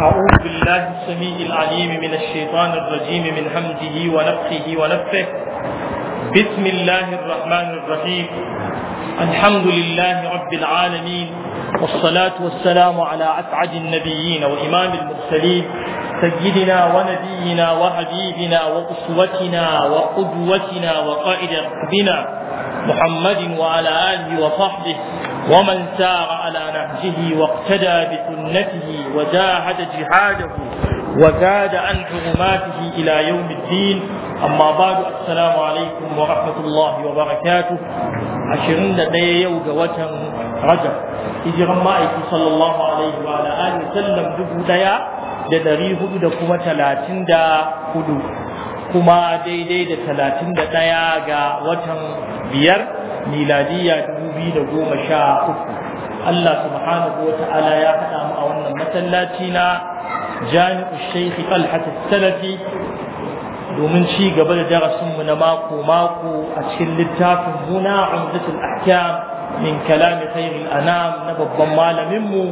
أعوذ بالله السميع العليم من الشيطان الرجيم من حمده ونفخه ونفخه بسم الله الرحمن الرحيم الحمد لله رب العالمين والصلاة والسلام على أسعد النبيين وإمام المرسلين سيدنا ونبينا وحبيبنا وأسوتنا وقدوتنا وقائد ربنا محمد وعلى آله وصحبه ومن سار على نهجه واقتدى بسنته وجاهد جهاده وزاد عن حرماته إلى يوم الدين أما بعد السلام عليكم ورحمة الله وبركاته عشرين لدي يوجا وتن رجب إجرى مائك صلى الله عليه وعلى آله وسلم دبو ديا لدري هدو دكما تلاتين دا هدو كما دي دي دا تلاتين دا ديا وتن بير ميلادية دبو بي دبو مشاء أكو Allah subhanahu wa ta'ala ya haɗa mu masallaci na jami'u shaikhi talhat salafi domin ci gaba da darasinmu na mako-mako a cikin littafin muna umdatul ahkam min kalami khairul anam na babban malaminmu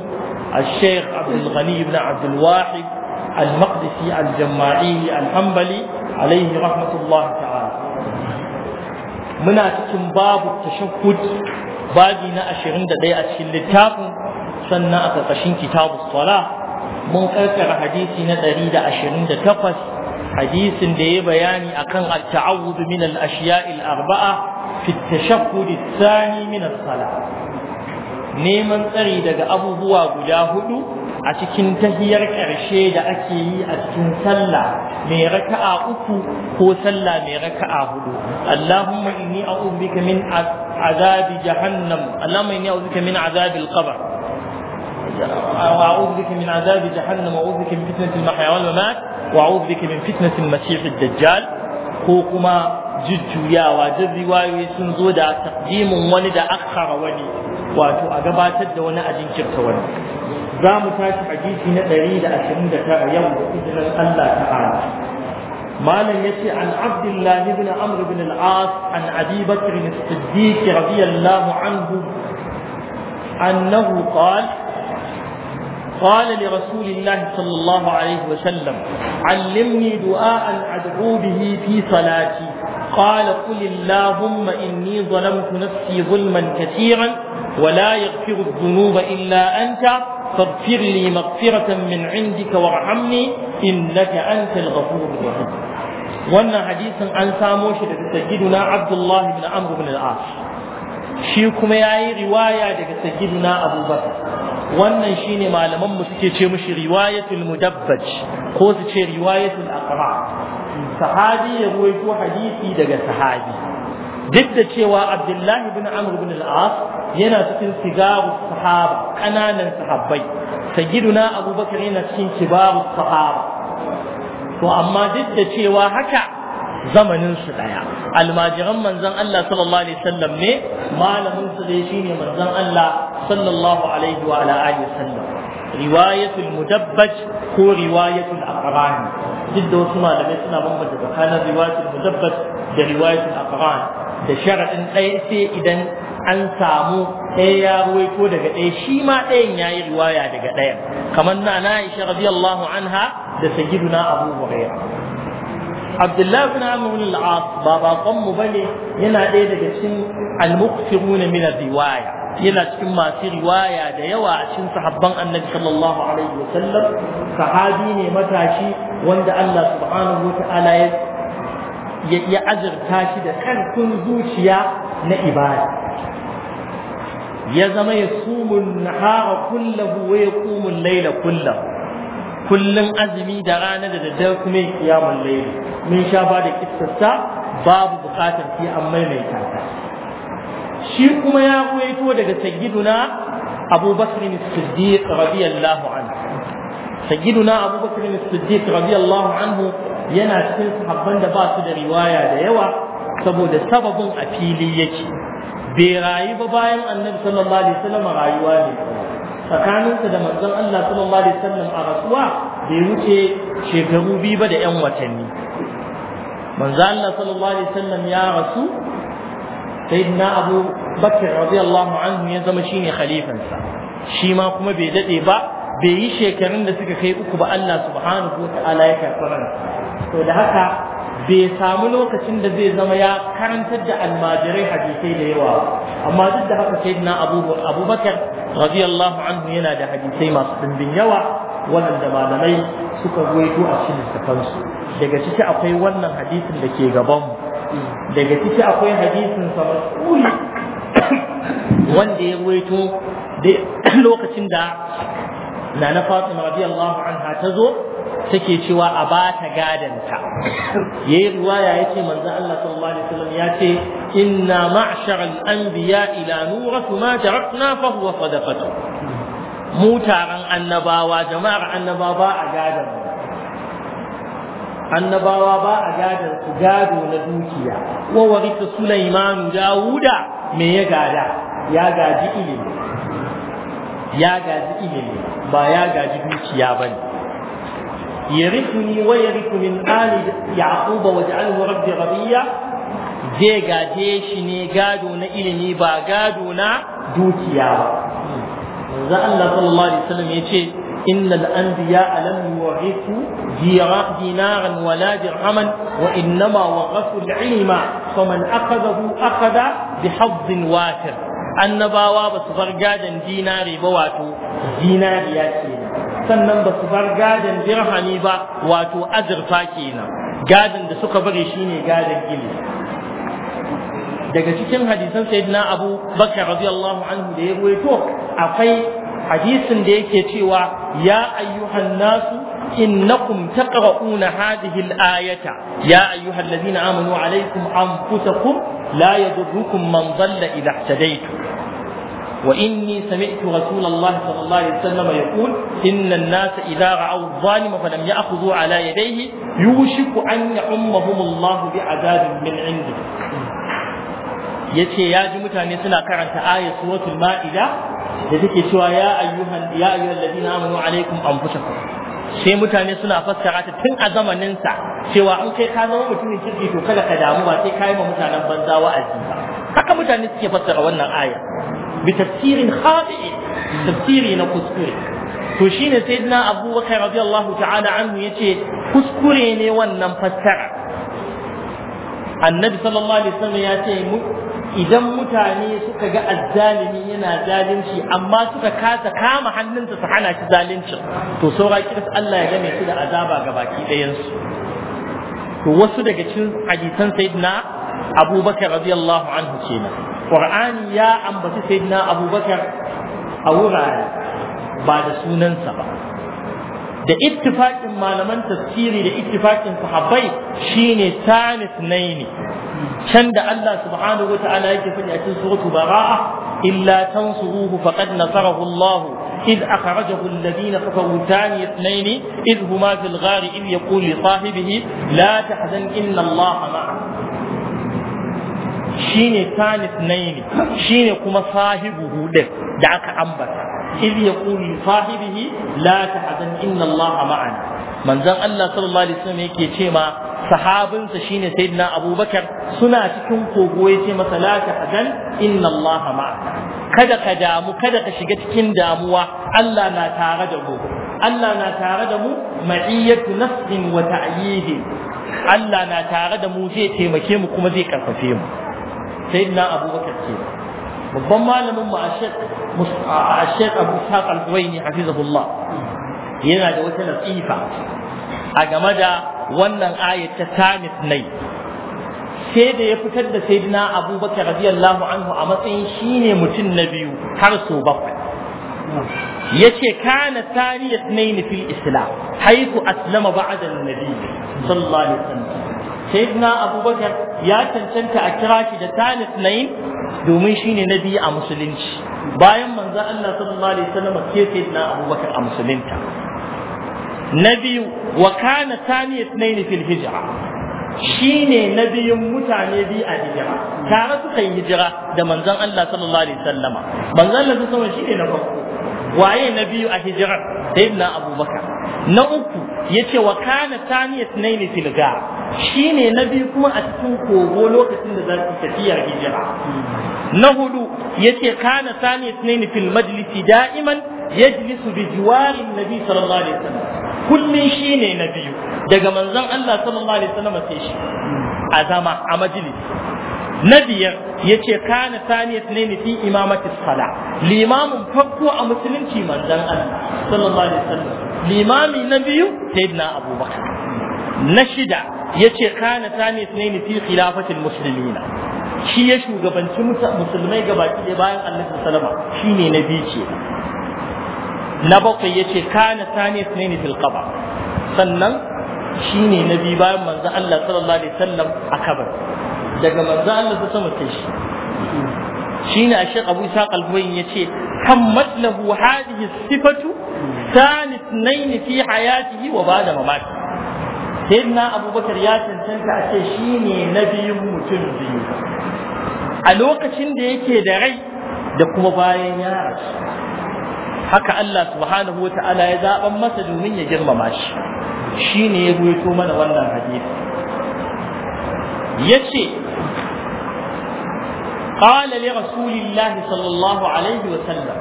الشيخ عبد الغني بن Al-Maqdisi al الجماعي al عليه Alayhi الله تعالى muna cikin babu tashakkud babi na ashirin da ɗaya a cikin littafin sannan a ƙarƙashin kitabu sala mun karkara hadisi na takwas, hadisin da ya bayani a kan taawud min al-ashiya'i al-arba'a fi at-tashahhud ath min sala neman tsari daga abubuwa guda hudu a cikin tahiyar ƙarshe da ake yi a cikin sallah mai raka'a uku ko sallah mai raka'a hudu Allahumma inni a'udhu bika min azabi jahannam Allahumma inni a'udhu bika min al-qabr وأعوذ بك من عذاب جهنم وأعوذ بك من فتنة المحيا والممات وأعوذ بك من فتنة المسيح الدجال كوكما jujjuyawa duk riwayoyi sun zo da takdimin wani da akhara wani wato a gabatar da wani ajin jinkirta wani za mu tashi hadisi na 129 yau da izinin Allah ta'ala malam yace an abdullahi ibn amr ibn al-as an abi bakr as-siddiq radiyallahu anhu annahu qala قال لرسول الله صلى الله عليه وسلم علمني دعاء أدعو به في صلاتي قال قل اللهم إني ظلمت نفسي ظلما كثيرا ولا يغفر الذنوب إلا أنت فاغفر لي مغفرة من عندك وارحمني إنك أنت الغفور الرحيم وأن حديثا عن ساموش سيدنا عبد الله بن عمرو بن العاص shi kuma yayi riwaya daga sayyidina abubakar wannan shine malaman mu suke ce mishi riwayatul mudabbaj ko su ce riwayatul aqra sahabi ya ruwaito hadisi daga sahabi duk da cewa abdullahi bin amr bin al-as yana cikin sigaru sahaba kananan sahabbai sayyiduna abubakar yana cikin kibaru sahaba to amma duk da cewa haka zamanin su daya almajiran manzon Allah sallallahu alaihi wasallam ne malamin su dai shine manzon Allah sallallahu alaihi wa ala alihi wasallam riwayatul mudabbaj ko riwayatul aqrani duk da wasu malamai suna bambanta tsakanin riwayatul mudabbaj da riwayatul aqrani da sharadin ɗaya sai idan an samu ɗaya ya ruwaito daga ɗaya shi ma ɗayan ya yi riwaya daga ɗayan kamar na na isha radiyallahu anha da sayyiduna abu hurairah Abdullahi bin Amr bin al-As ba mu bane yana ɗaya daga cikin al-muqsirun min riwaya yana cikin masu riwaya da yawa a cikin sahabban Annabi sallallahu alaihi wasallam sahabi ne matashi wanda Allah subhanahu wata'ala ya ya azurta shi da karfin zuciya na ibada ya zama ya sumun nahara kullahu wa kumun laila kullahu kullun azumi da rana da daddare kuma ya kiyamun laili mun sha ba da kissarsa babu bukatar sai an maimaita ta shi kuma ya ruwaito daga sayyiduna Abu Bakr as-Siddiq radiyallahu anhu sayyiduna Abu Bakr as-Siddiq radiyallahu anhu yana cikin sahabban da ba su da riwaya da yawa saboda sababin a fili yake bai rayu ba bayan annabi sallallahu alaihi wasallam rayuwa ne tsakaninsa da manzon Allah sallallahu alaihi wasallam a rasuwa bai wuce shekaru biyu ba da yan watanni manzon Allah sallallahu alaihi wasallam ya rasu sayyidina Abu Bakr radiyallahu anhu ya zama shine khalifansa shi ma kuma bai dade ba bai yi shekarun da suka kai uku ba Allah subhanahu wa ta'ala ya karɓi to da haka bai samu lokacin da zai zama ya karantar da almajirai hadisai da yawa amma duk da haka na abubakar radiyallahu anhu yana da hadisai masu dimbin yawa waɗanda malamai suka ruwaito a cikin littafansu daga ciki akwai wannan hadisin da ke gabanmu daga ciki akwai hadisin sa mas'uli wanda ya ruwaito lokacin da na na Fatima radiyallahu anha ta zo take cewa a ba ta gadanta yayi riwaya ce manzo Allah sallallahu alaihi wasallam yace inna ma'shar al-anbiya ila nuratu ma tarakna fa huwa sadaqatu mu taron annabawa jama'ar annabawa ba a gadan annabawa ba a gadan su gado na dukiya wa warisa Sulaiman Dawuda me ya gada ya gaji ilimi ya gaji ilimi ba ya gaji dukiya bane يرثني ويرث من آل يعقوب واجعله ربي رضيا جيجا قاديشي ني قادونا إلي ني با قادونا دوتيا الله صلى الله عليه وسلم يتي إن الأنبياء لم يورثوا دينارا ولا درهما وإنما ورثوا العلم فمن أخذه أخذ بحظ واثر annabawa ba su bar gadon dinare ba wato dinariya kenan sannan ba su bar gadon dirhami ba wato azurfa kenan gadon da suka bari shine gadon gini. daga cikin hadisan sayyidina abu bakar radiyallahu anhu da ya ruwaito akwai hadisin da yake cewa ya ayyuhan nasu إنكم تقرؤون هذه الآية يا أيها الذين آمنوا عليكم أنفسكم لا يضركم من ضل إذا اهتديتم وإني سمعت رسول الله صلى الله عليه وسلم يقول إن الناس إذا رأوا الظالم فلم يأخذوا على يديه يوشك أن يعمهم الله بعذاب من عنده yace ya ji mutane suna karanta ayat suratul ma'ida da take cewa ya ayyuhan ya ayyuhal ladina amanu alaikum anfusakum sai mutane suna fassara ta tun a zamaninsa cewa an kai ka zama mutumin kirki to kada ka damu ba sai ka yi wa mutanen banza wa'azi ba haka mutane suke fassara wannan aya bi tafsirin khati'i tafsiri na kuskure to shine sayyidina Abu Bakar radiyallahu ta'ala anhu yace kuskure ne wannan fassara annabi sallallahu alaihi wasallam ya ce idan mutane suka ga azzalimi yana zalunci amma suka kasa kama hannunsa su hana shi zalunci to saura kiris Allah ya gane su da azaba ga baki ɗayansu to wasu daga cikin hadisan sayyidina abubakar radiyallahu anhu kenan qur'ani ya ambaci sayyidina abubakar a wurare ba da sunansa ba da ittifaqin malaman tafsiri da ittifaqin sahabbai shine sanis naini can da Allah subhanahu wa ta'ala yake faɗi a cikin suratu bara'a illa tansuruhu faqad nasarahu Allah إذ أخرجه الذين كفروا ثاني اثنين إذ هما في الغار إذ يقول لصاحبه لا تحزن إن الله معك shine ثاني اثنين shine kuma sahibuhu din da aka ambata إذ يقول لصاحبه لا تحزن إن الله معنا manzon Allah sallallahu alaihi wasallam yake ce ma sahabinsa shine sayyidina abubakar suna cikin kogo ya ce masa la tahzan inna allaha ma'aka kada ka damu kada ka shiga cikin damuwa Allah na tare da mu Allah na tare da mu ma'iyyatu nasrin wa ta'yidin Allah na tare da mu zai taimake mu kuma zai karfafe mu sayyidina abubakar ce. babban malamin mu a shek abu saq al-huwaini hafizahullah yana da wata nasifa a game da wannan ayat ta sanis nai sai da ya fitar da sayyidina abubakar radiyallahu anhu a matsayin shine mutum na biyu har so bakwai yace kana tariya naini fil islam haiku aslama ba'da annabi sallallahu alaihi wasallam sayyidina abubakar ya cancanta a kira shi da tani nain domin shine nabi a musulunci bayan manzo Allah sallallahu alaihi wasallam ke sayyidina abubakar a musulunta na biyu wa kana tani ne fil shi ne na biyun mutane bi a hijira tare suka yi hijira da manzon Allah sallallahu alaihi wasallama manzon Allah sallallahu alaihi shi ne na farko waye na biyu a hijirar sayyidina abubakar na uku ya ce wa kana tani ne fil shi ne na biyu kuma a cikin kogo lokacin da za su tafiyar hijira na hudu ya ce kana tani ne fil majlisi da'iman yajlisu bi jiwarin nabi sallallahu alaihi wasallam kullun shi ne na biyu daga manzan Allah sallallahu alaihi wasallam sai shi a zama a majalis na biyar ya ce kana saniyat ne ni fi imamati sala limamin farko a musulunci manzan Allah sallallahu alaihi wasallam limami na biyu sayyidina abubakar na shida ya ce kana saniyat ne ni fi khilafatil muslimina shi ya shugabanci musulmai gabaki ɗaya bayan annabi sallama shine na biyu ce na bakwai yace kana sani sunaini fil qabr sannan shine biyu bayan manzo Allah sallallahu alaihi wasallam a kabar daga manzo Allah ta sama kai shi ne a Sheikh Abu Isa Qalbawi yace kan lahu hadhihi sifatu sani sunaini fi hayatihi wa ba'da mamati sayyidina abubakar ya cancanta a ce shine nabiyin mutum biyu a lokacin da yake da rai da kuma bayan ya rasu haka Allah subhanahu wa ta'ala ya zaban masa domin ya girmama shi shi ne ya gwaito mana wannan hadisi ya ce ƙala li sallallahu alaihi wa sallam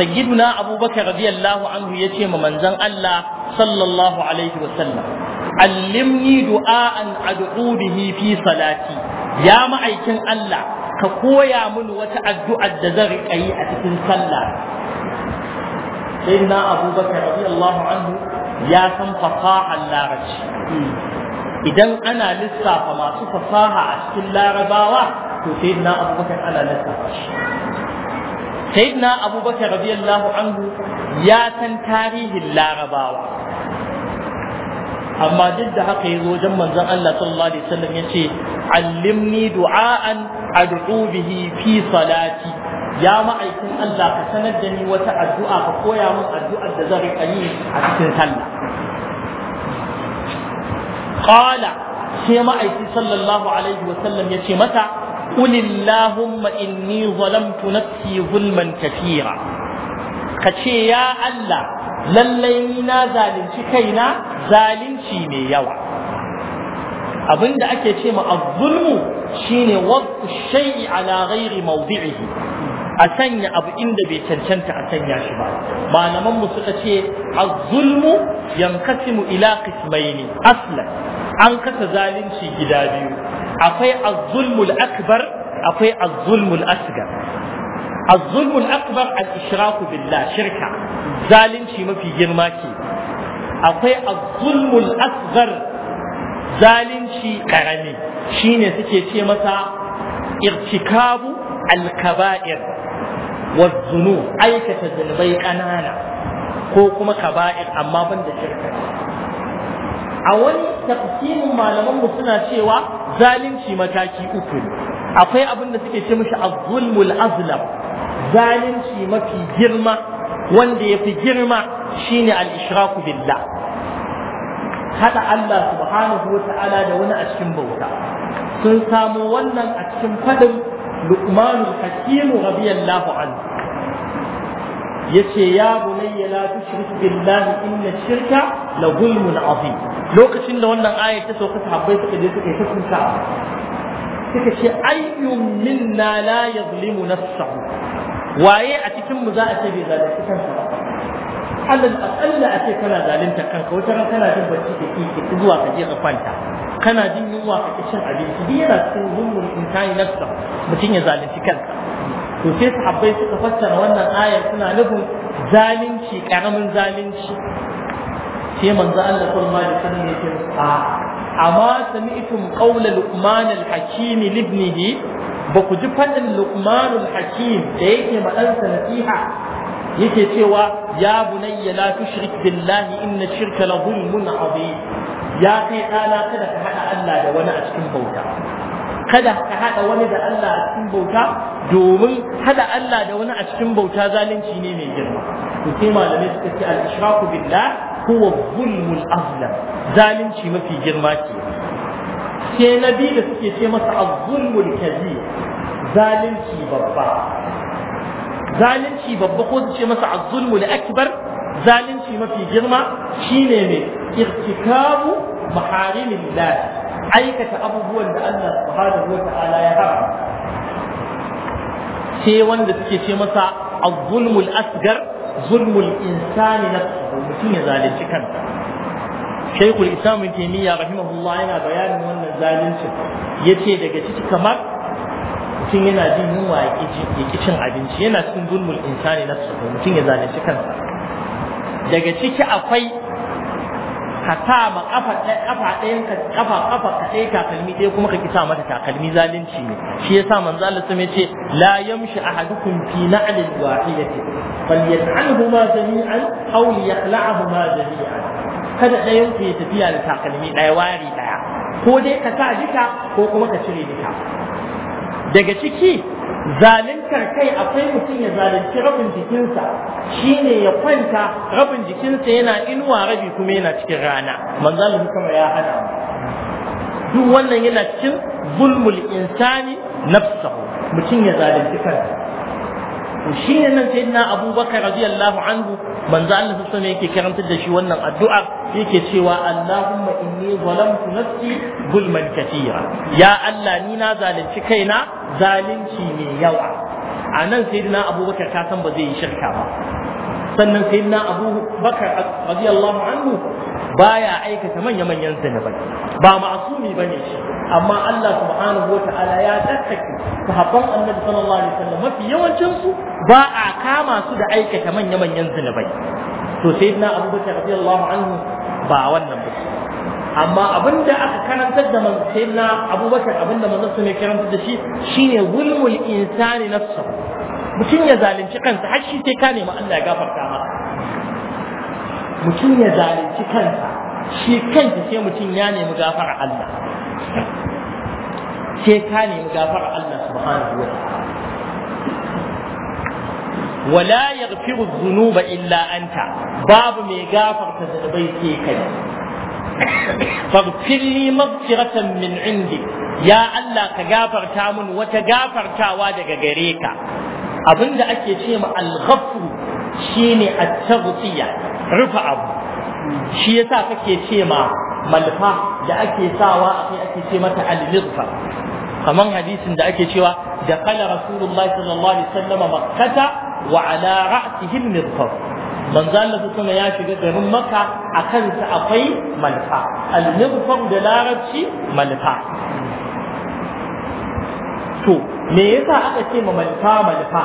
sayyiduna abubakar radiyallahu anhu ya ce ma manzon Allah sallallahu alaihi wa sallam allimni du'a'an ad'u bihi fi salati ya ma'aikin Allah ka koya mini wata addu'ar da zan yi a cikin sallah sayyidina abubakar radiyallahu anhu ya san fasahar larabci idan ana lissafa masu fasaha a cikin larabawa to sayyidina abubakar ana lissafa shi sayyidina abubakar radiyallahu anhu ya san tarihin larabawa amma duk da haka ya yazo wajen manzon Allah sallallahu alaihi wasallam ce, allimni du'aan ad'u bihi fi salati ya ma'aikin Allah ka sanar da ni wata addu'a ka koya min addu'ar da zan riƙa yi a cikin sallah qala sai ma'aiki sallallahu alaihi wa sallam yace mata qul illahumma inni zalamtu nafsi zulman kathira kace ya Allah lallai ni na zalunci kaina zalunci mai yawa abinda ake ce ma az shine waqtu shay'i ala ghairi mawdi'ihi a sanya abu inda bai cancanta a sanya shi ba malaman mu suka ce az-zulmu yankasimu ila qismaini aslan an kasa zalunci gida biyu akwai az-zulmul akbar akwai az-zulmul asgar az-zulmul akbar al-ishraku billah shirka zalunci mafi girma ke akwai az-zulmul asgar zalunci karami shine suke ce masa irtikabu al-kaba'ir والذنوب aikata zunubai ƙanana ko kuma kaba'ir amma ban da shirka a wani tafsirin malaman mu suna cewa zalunci mataki uku ne akwai abin da suke ce mishi az-zulmul azlam zalunci mafi girma wanda ya fi girma shine al-ishraku billah hada Allah subhanahu wa ta'ala da wani a cikin bauta sun samu wannan a cikin fadin لقمان الحكيم رضي الله عنه yace ya bunayya la tushrik billahi inna shirka la zulmun azim lokacin da wannan aya ta sauka sahabbai suka je suka yi ta suka ce ayyun minna la yazlimu nafsahu waye a cikin mu za a ce bai zalunci kansa ba alal a ce kana zalunta kanka wata ran kana jin bacci da zuwa ka je ka kwanta kana jin yunwa ka cin abinci duk yana cikin zulmul insani nafsa mutum ya zalunci kansa to sai sahabbai suka fassara wannan ayar suna nufin zalunci karamin zalunci sai manzo Allah sallallahu alaihi wasallam ya ce a amma sami'tum qawla luqman al-hakim li ba ku ji fadin luqman al-hakim da yake ma ɗansa nasiha yake cewa ya bunayya la tushrik billahi inna shirka la zulmun azim ya kai ɗana kada ka haɗa Allah da wani a cikin bauta kada ka haɗa wani da Allah a cikin bauta domin haɗa Allah da wani a cikin bauta zalunci ne mai girma to sai malamai suka ce al-ishraku billah huwa zulmul azlam zalunci mafi girma ce. sai na biyu da suke ce masa az-zulmul kabir zalunci babba zalunci babba ko su ce masa az-zulmul akbar zalunci mafi girma shine mai irtikabu maharimin lahi aikata abubuwan da Allah subhanahu wa ta'ala ya hara. sai wanda suke ce masa az-zulmul asgar zulmul insani nafsuhu mutum ya zalunci kansa shaykhul islam ibn taymiya rahimahullah yana bayanin wannan zalunci yace daga ciki kamar mutum yana jin yunwa ya ki cin abinci yana cikin zulmul insani nafsuhu mutum ya zalunci kansa daga ciki akwai ka sa ma kafa kafa ɗayan ka kafa kafa ka ɗaya takalmi ɗaya kuma ka ki sa mata takalmi zalunci ne shi yasa manzo Allah sun yace la yamshi ahadukum fi na'lil wahidati falyat'alhuma jami'an aw liyaqla'huma jami'an kada ɗayan ku ya tafiya da takalmi ɗaya wari ɗaya ko dai ka sa jika ko kuma ka cire jika. daga ciki zaluntar kai akwai mutum ya zalunci rabin jikinsa shine ya kwanta rabin jikinsa yana inuwa rabi kuma yana cikin rana manzalin kuma ya hana duk wannan yana cikin zulmul insani nafsahu mutum ya zalunci kansa shine nan sayyidina abubakar radiyallahu anhu manzo Allah sallallahu yake karantar da shi wannan addu'ar yake cewa Allahumma inni zalamtu nafsi zulman katira ya Allah ni na zalunci kaina zalunci mai yawa a nan saidina Abubakar ka san ba zai yi shirka ba sannan sayyidina Abubakar radiyallahu anhu baya aikata manya-manyan zanabai ba ma'asumi bane shi amma Allah subhanahu wa ta'ala ya tsarkake sahabban annabi sallallahu alaihi wasallam mafi yawancin su ba a kama su da aikata manya-manyan zunubai to sayyidina abubakar radiyallahu anhu ba wannan ba amma abinda aka karantar da manzo sayyidina abubakar abinda manzo sun karantar da shi shine zulmul insani nafsuhu mutum ya zalunci kansa har shi sai ka nemi Allah ya gafarta masa mutum ya zalunci kansa shi kanta sai mutum ya nemi gafara Allah sai ka nemi gafara Allah subhanahu wa wala yaghfiru dhunuba illa anta babu mai gafarta zunubai sai kai faghfir li maghfiratan min indi ya Allah ka gafarta mun wata gafartawa daga gare ka abinda ake ce ma al-ghafru shine at-taghfiya rufa abu shi yasa kake ce ma malfa da ake sawa a kai ake ce mata al-mirfa kaman hadisin da ake cewa da qala rasulullahi sallallahu alaihi wasallam makkata wa ala ra'sihi al-mirfa manzo Allah kuma ya shiga garin makka a kansa akwai malfa al-mirfa da larabci malfa to me yasa aka ce ma malfa malfa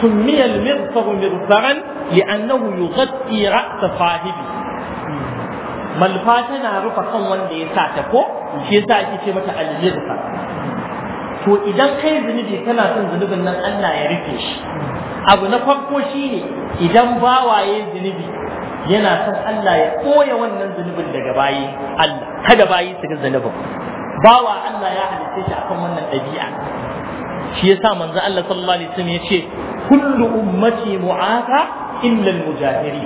سمي المغفر مغفرا لأنه يغطي رأس صاحبه malfa tana rufa kan wanda ya sa ta ko shi yasa ake ce mata aljirfa to idan kai zunubi kana son zunubin nan Allah ya rufe shi abu na farko shine idan bawaye zunubi yana son Allah ya koya wannan zunubin daga bayi Allah kada bayi su ga zunubin bawa Allah ya halitta shi akan wannan ɗabi'a shi yasa manzo Allah sallallahu alaihi wasallam yace kullu ummati mu'afa illa al-mujahiri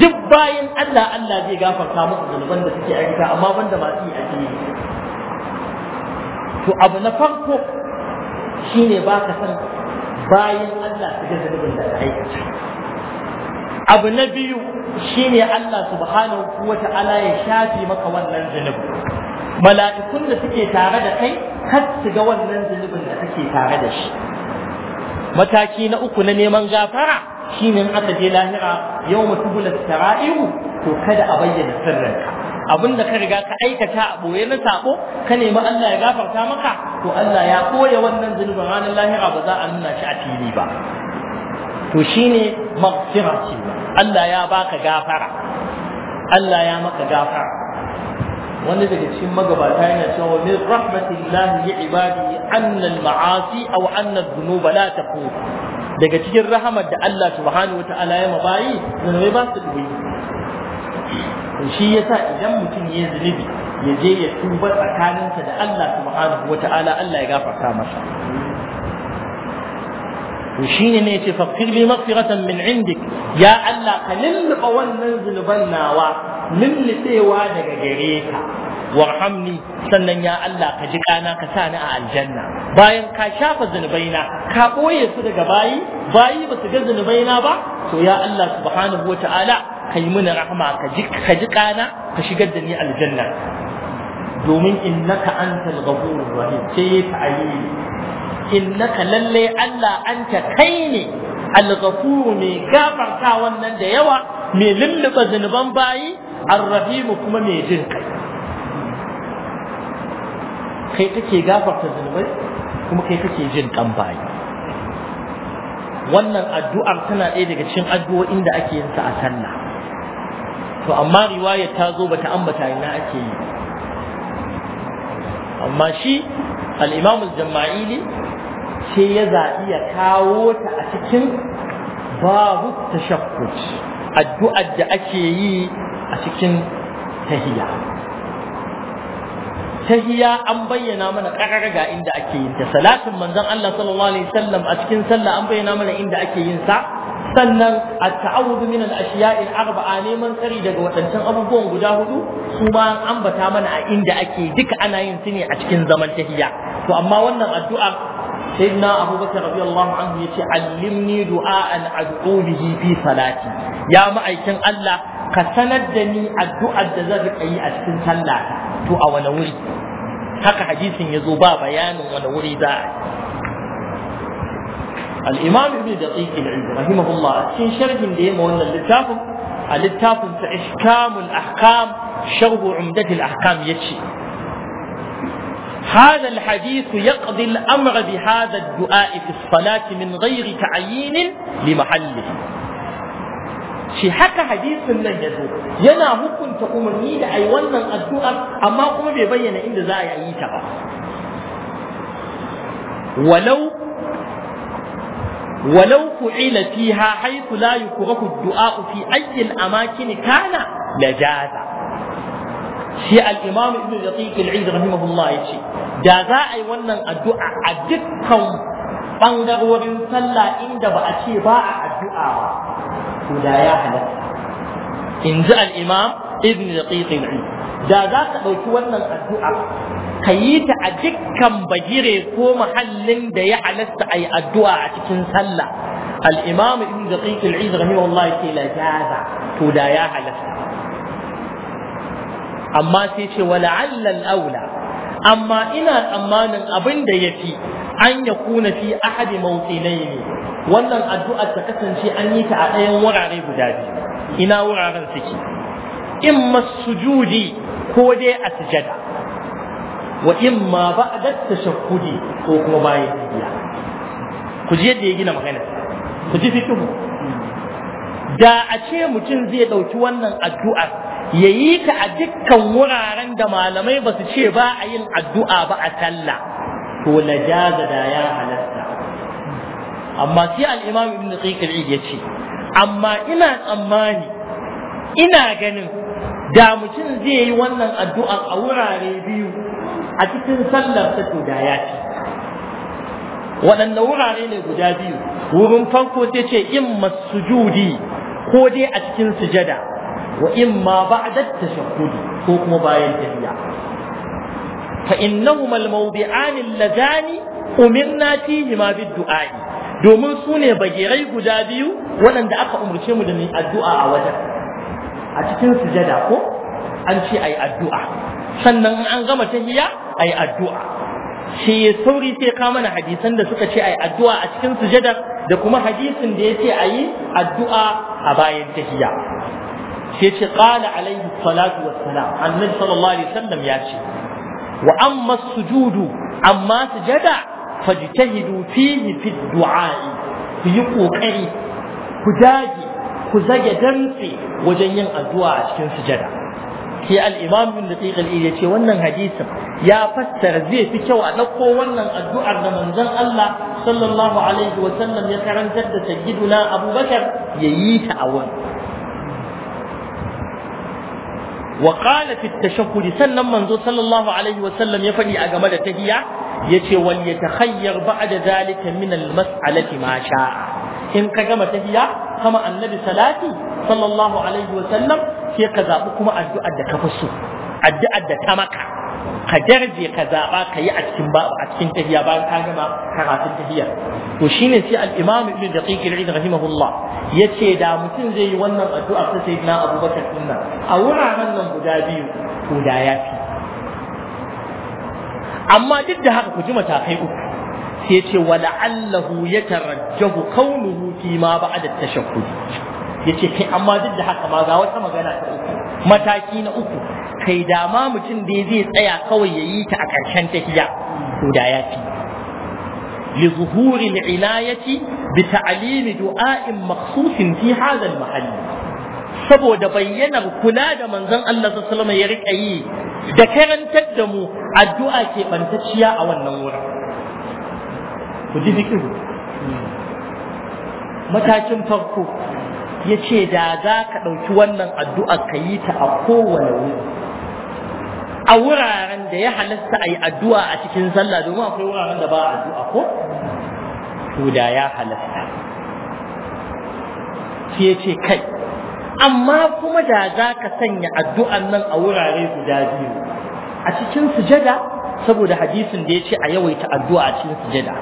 duk bayan Allah Allah zai gafarta musu zunuban da suke aikata amma banda masu yi addini to abu na farko shine baka san bayan Allah su ga zunubin da aikata abu na biyu shine Allah subhanahu wa ta'ala ya shafe maka wannan zunubin mala'ikun da suke tare da kai har su ga wannan zunubin da kake tare da shi mataki na uku na neman gafara shine in aka je lahira yau mutu bula to kada a bayyana sirrinka abin da ka riga ka aikata a ɓoye na sako ka nemi Allah ya gafarta maka to Allah ya koya wannan zunubin ranar lahira ba za a nuna shi a fili ba to shine magfira ce Allah ya baka gafara Allah ya maka gafara wani daga cikin magabata yana cewa min rahmatillahi li ibadi anna al-ma'asi aw anna adh-dhunuba la taqul daga cikin rahamar da Allah subhanahu wata'ala ya mabayi zunubai ba su dubi to shi yasa idan mutum ya zunubi ya je ya tuba tsakaninsa da Allah subhanahu wata'ala Allah ya gafarta masa to shine ne yace faqir bi maghfiratan min indik ya Allah ka lulluba wannan zunuban nawa lullubewa daga gare ka warhamni sannan ya Allah ka ji kana ka sa ni a aljanna bayan ka shafa zunubaina ka boye su daga bayi bayi ba su ga zunubaina ba to ya Allah subhanahu ta'ala ka yi mini rahama ka ji ka ji kana ka shigar da ni aljanna domin innaka antal ghafurur rahim sai ta'ayyili innaka lalle Allah anta kai ne al-ghafur mai gafarta wannan da yawa mai lulluba zunuban bayi ar-rahim kuma mai jin kai kai kake gafarta zunubai kuma kai kake jin kan bayi wannan addu'ar tana ɗaya daga cikin addu'o'in da ake yin sa a sallah to amma riwaya ta zo bata ambata ina ake yi amma shi al-imam al-jama'ili sai ya zaɓi ya kawo ta a cikin babu tashakkut addu'ar da ake yi a cikin tahiya tahiya an bayyana mana ƙarar ga inda ake yin ta salatin manzon Allah sallallahu alaihi wasallam a cikin sallah an bayyana mana inda ake yin sa sannan a ta'awudu min al-ashiya'i arba'a neman tsari daga waɗancan abubuwan guda hudu su ma an ambata mana a inda ake duka ana yin su ne a cikin zaman tahiya to amma wannan addu'a sayyidina abubakar radiyallahu anhu yace allimni du'a'an ad'u bihi fi salati ya ma'aikin Allah ka sanar da ni addu'ar da zan riƙa yi a cikin sallah to wani wuri haka hadisin ya ba bayanin wani wuri za a الإمام ابن دقيق العلم رحمه الله أتين شرح ديما ولا اللتافم اللتافم إحكام الأحكام شرح عمدة الأحكام يتشي هذا الحديث يقضي الأمر بهذا الدعاء في الصلاة من غير تعيين لمحله shi haka hadisin nan ya zo yana hukunta umarni da ai wannan addu'ar amma kuma bai bayyana inda za a yi ta ba walau ولو فعل فيها حيث لا يكره الدعاء في أي الأماكن كان لجازا. sai al-imam ibn daqiq al-eid rahimahullah yace da za a yi wannan addu'a a dukkan bangarorin sallah inda ba a ce ba a addu'a ba to da ya halatta in ji al ibn daqiq al da za ka ɗauki wannan addu'a ka yi ta a dukkan bagire ko mahallin da ya halatta a yi addu'a a cikin sallah al-imam ibn daqiq al-eid rahimahullah yace la jaza to da ya halatta amma sai ce wa la'allal aula amma ina tsammanin abin da fi an ya kuna fi ahadi mawqilaini wannan addu'ar ta kasance an yi ta a ɗayan wurare guda biyu ina wuraren suke in masujudi ko dai a sujada wa in ma ba a ba'da tashahhudi ko kuma bayan tafiya ku ji yadda ya gina magana ku ji fikihu da a ce mutum zai ɗauki wannan addu'ar ya yi ta a dukkan wuraren da malamai ba su ce ba a yin addu'a ba a sallah to na jaza da ya halatta amma sai al'imam ibn tsikir ya ce amma ina tsammani ina ganin da mutum zai yi wannan addu'a a wurare biyu a cikin sallar ta to da ya ce waɗanne wurare ne guda biyu wurin farko sai ce in masujudi ko dai a cikin sujada wa imma ba'da tashahhud ko kuma bayan tahiyya fa innahuma al-mawdi'an allazani umirna fihi ma bid-du'a domin sune ne bagirai guda biyu waɗanda aka umarce mu da mu addu'a a wajen a cikin sujada ko an ce ai addu'a sannan an gama tahiyya ai addu'a shi ya sauri sai ka mana hadisan da suka ce ayi addu'a a cikin sujada da kuma hadisin da ya ce ayi addu'a a bayan tahiyya sai ce qala alaihi salatu wassalam annabi sallallahu alaihi wasallam ya ce wa amma sujudu amma sujada fajtahidu fihi fi du'a ku yi kokari ku dage ku zage dantse wajen yin addu'a a cikin sujada sai al-imam ibn daqiq al-ili yace wannan hadisin ya fassara zai fi kyau a dauko wannan addu'ar da manzon Allah sallallahu alaihi wa sallam ya karantar da sayyiduna Abu Bakar yayi ta a wani wa qala fi sannan manzo sallallahu alaihi wa sallam ya faɗi a game da tahiya. Ya tahiyya yace wal ba'a da zalika min al mas'alati ma sha'a in ka gama tahiya kama annabi salati sallallahu alaihi wa sallam sai ka zaɓi kuma addu'ar da ka fi so addu'ar da ta maka ka darje ka zaɓa ka yi a cikin ba bayan ka gama karatun tahiyya to shine sai al-imam ibn daqiq al-id rahimahullah yace da mutum zai yi wannan addu'a ta na abubakar sunna a wuraren nan guda biyu to da fi. amma duk da haka ku ji matakai uku sai yace wala allahu yatarajjahu qawluhu fi ma ba'da at-tashahhud yace kai amma duk da haka ma ga wata magana ta uku mataki na uku kai dama mutum da zai tsaya kawai ya yi ta a ƙarshen tafiya. to da ya fi li zuhuri al'ilayati bi ta'limi du'a'in makhsusin fi hadha al saboda bayyanar kula da manzon Allah sallallahu alaihi ya rika yi da karantar da mu addu'a ke bantacciya a wannan wurin ku ji fikiru matakin farko ya ce da za ka ɗauki wannan addu'a ka yi ta a kowane wuri a wuraren da ya halasta a yi addu'a a cikin sallah domin akwai wuraren da ba a addu'a ko? To da ya halasta. Shi ya ce kai, amma kuma da za ka sanya addu'an nan a wurare guda biyu, a cikin sujada, saboda hadisin da ya ce a yawaita addu'a a cikin sujada.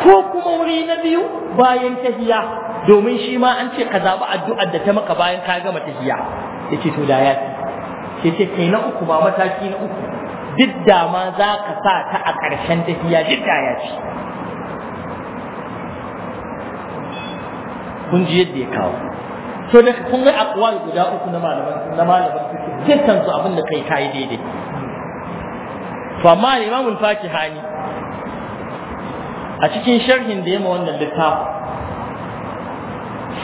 Ko kuma wuri na biyu bayan tahiya, domin shi ma an ce ka zaɓi addu'ar da ta maka bayan ka gama tahiya. Ya to da ya fi. Sai ce kai na uku ba mataki na uku duk da ma za ka sa ta a ƙarshen tafiya duk da ya ci kun ji yadda ya kawo so da kun ga akwa guda uku na malaman na malaman dukkan su abin da kai kai daidai to amma imamul fakihani a cikin sharhin da yamma wannan littafin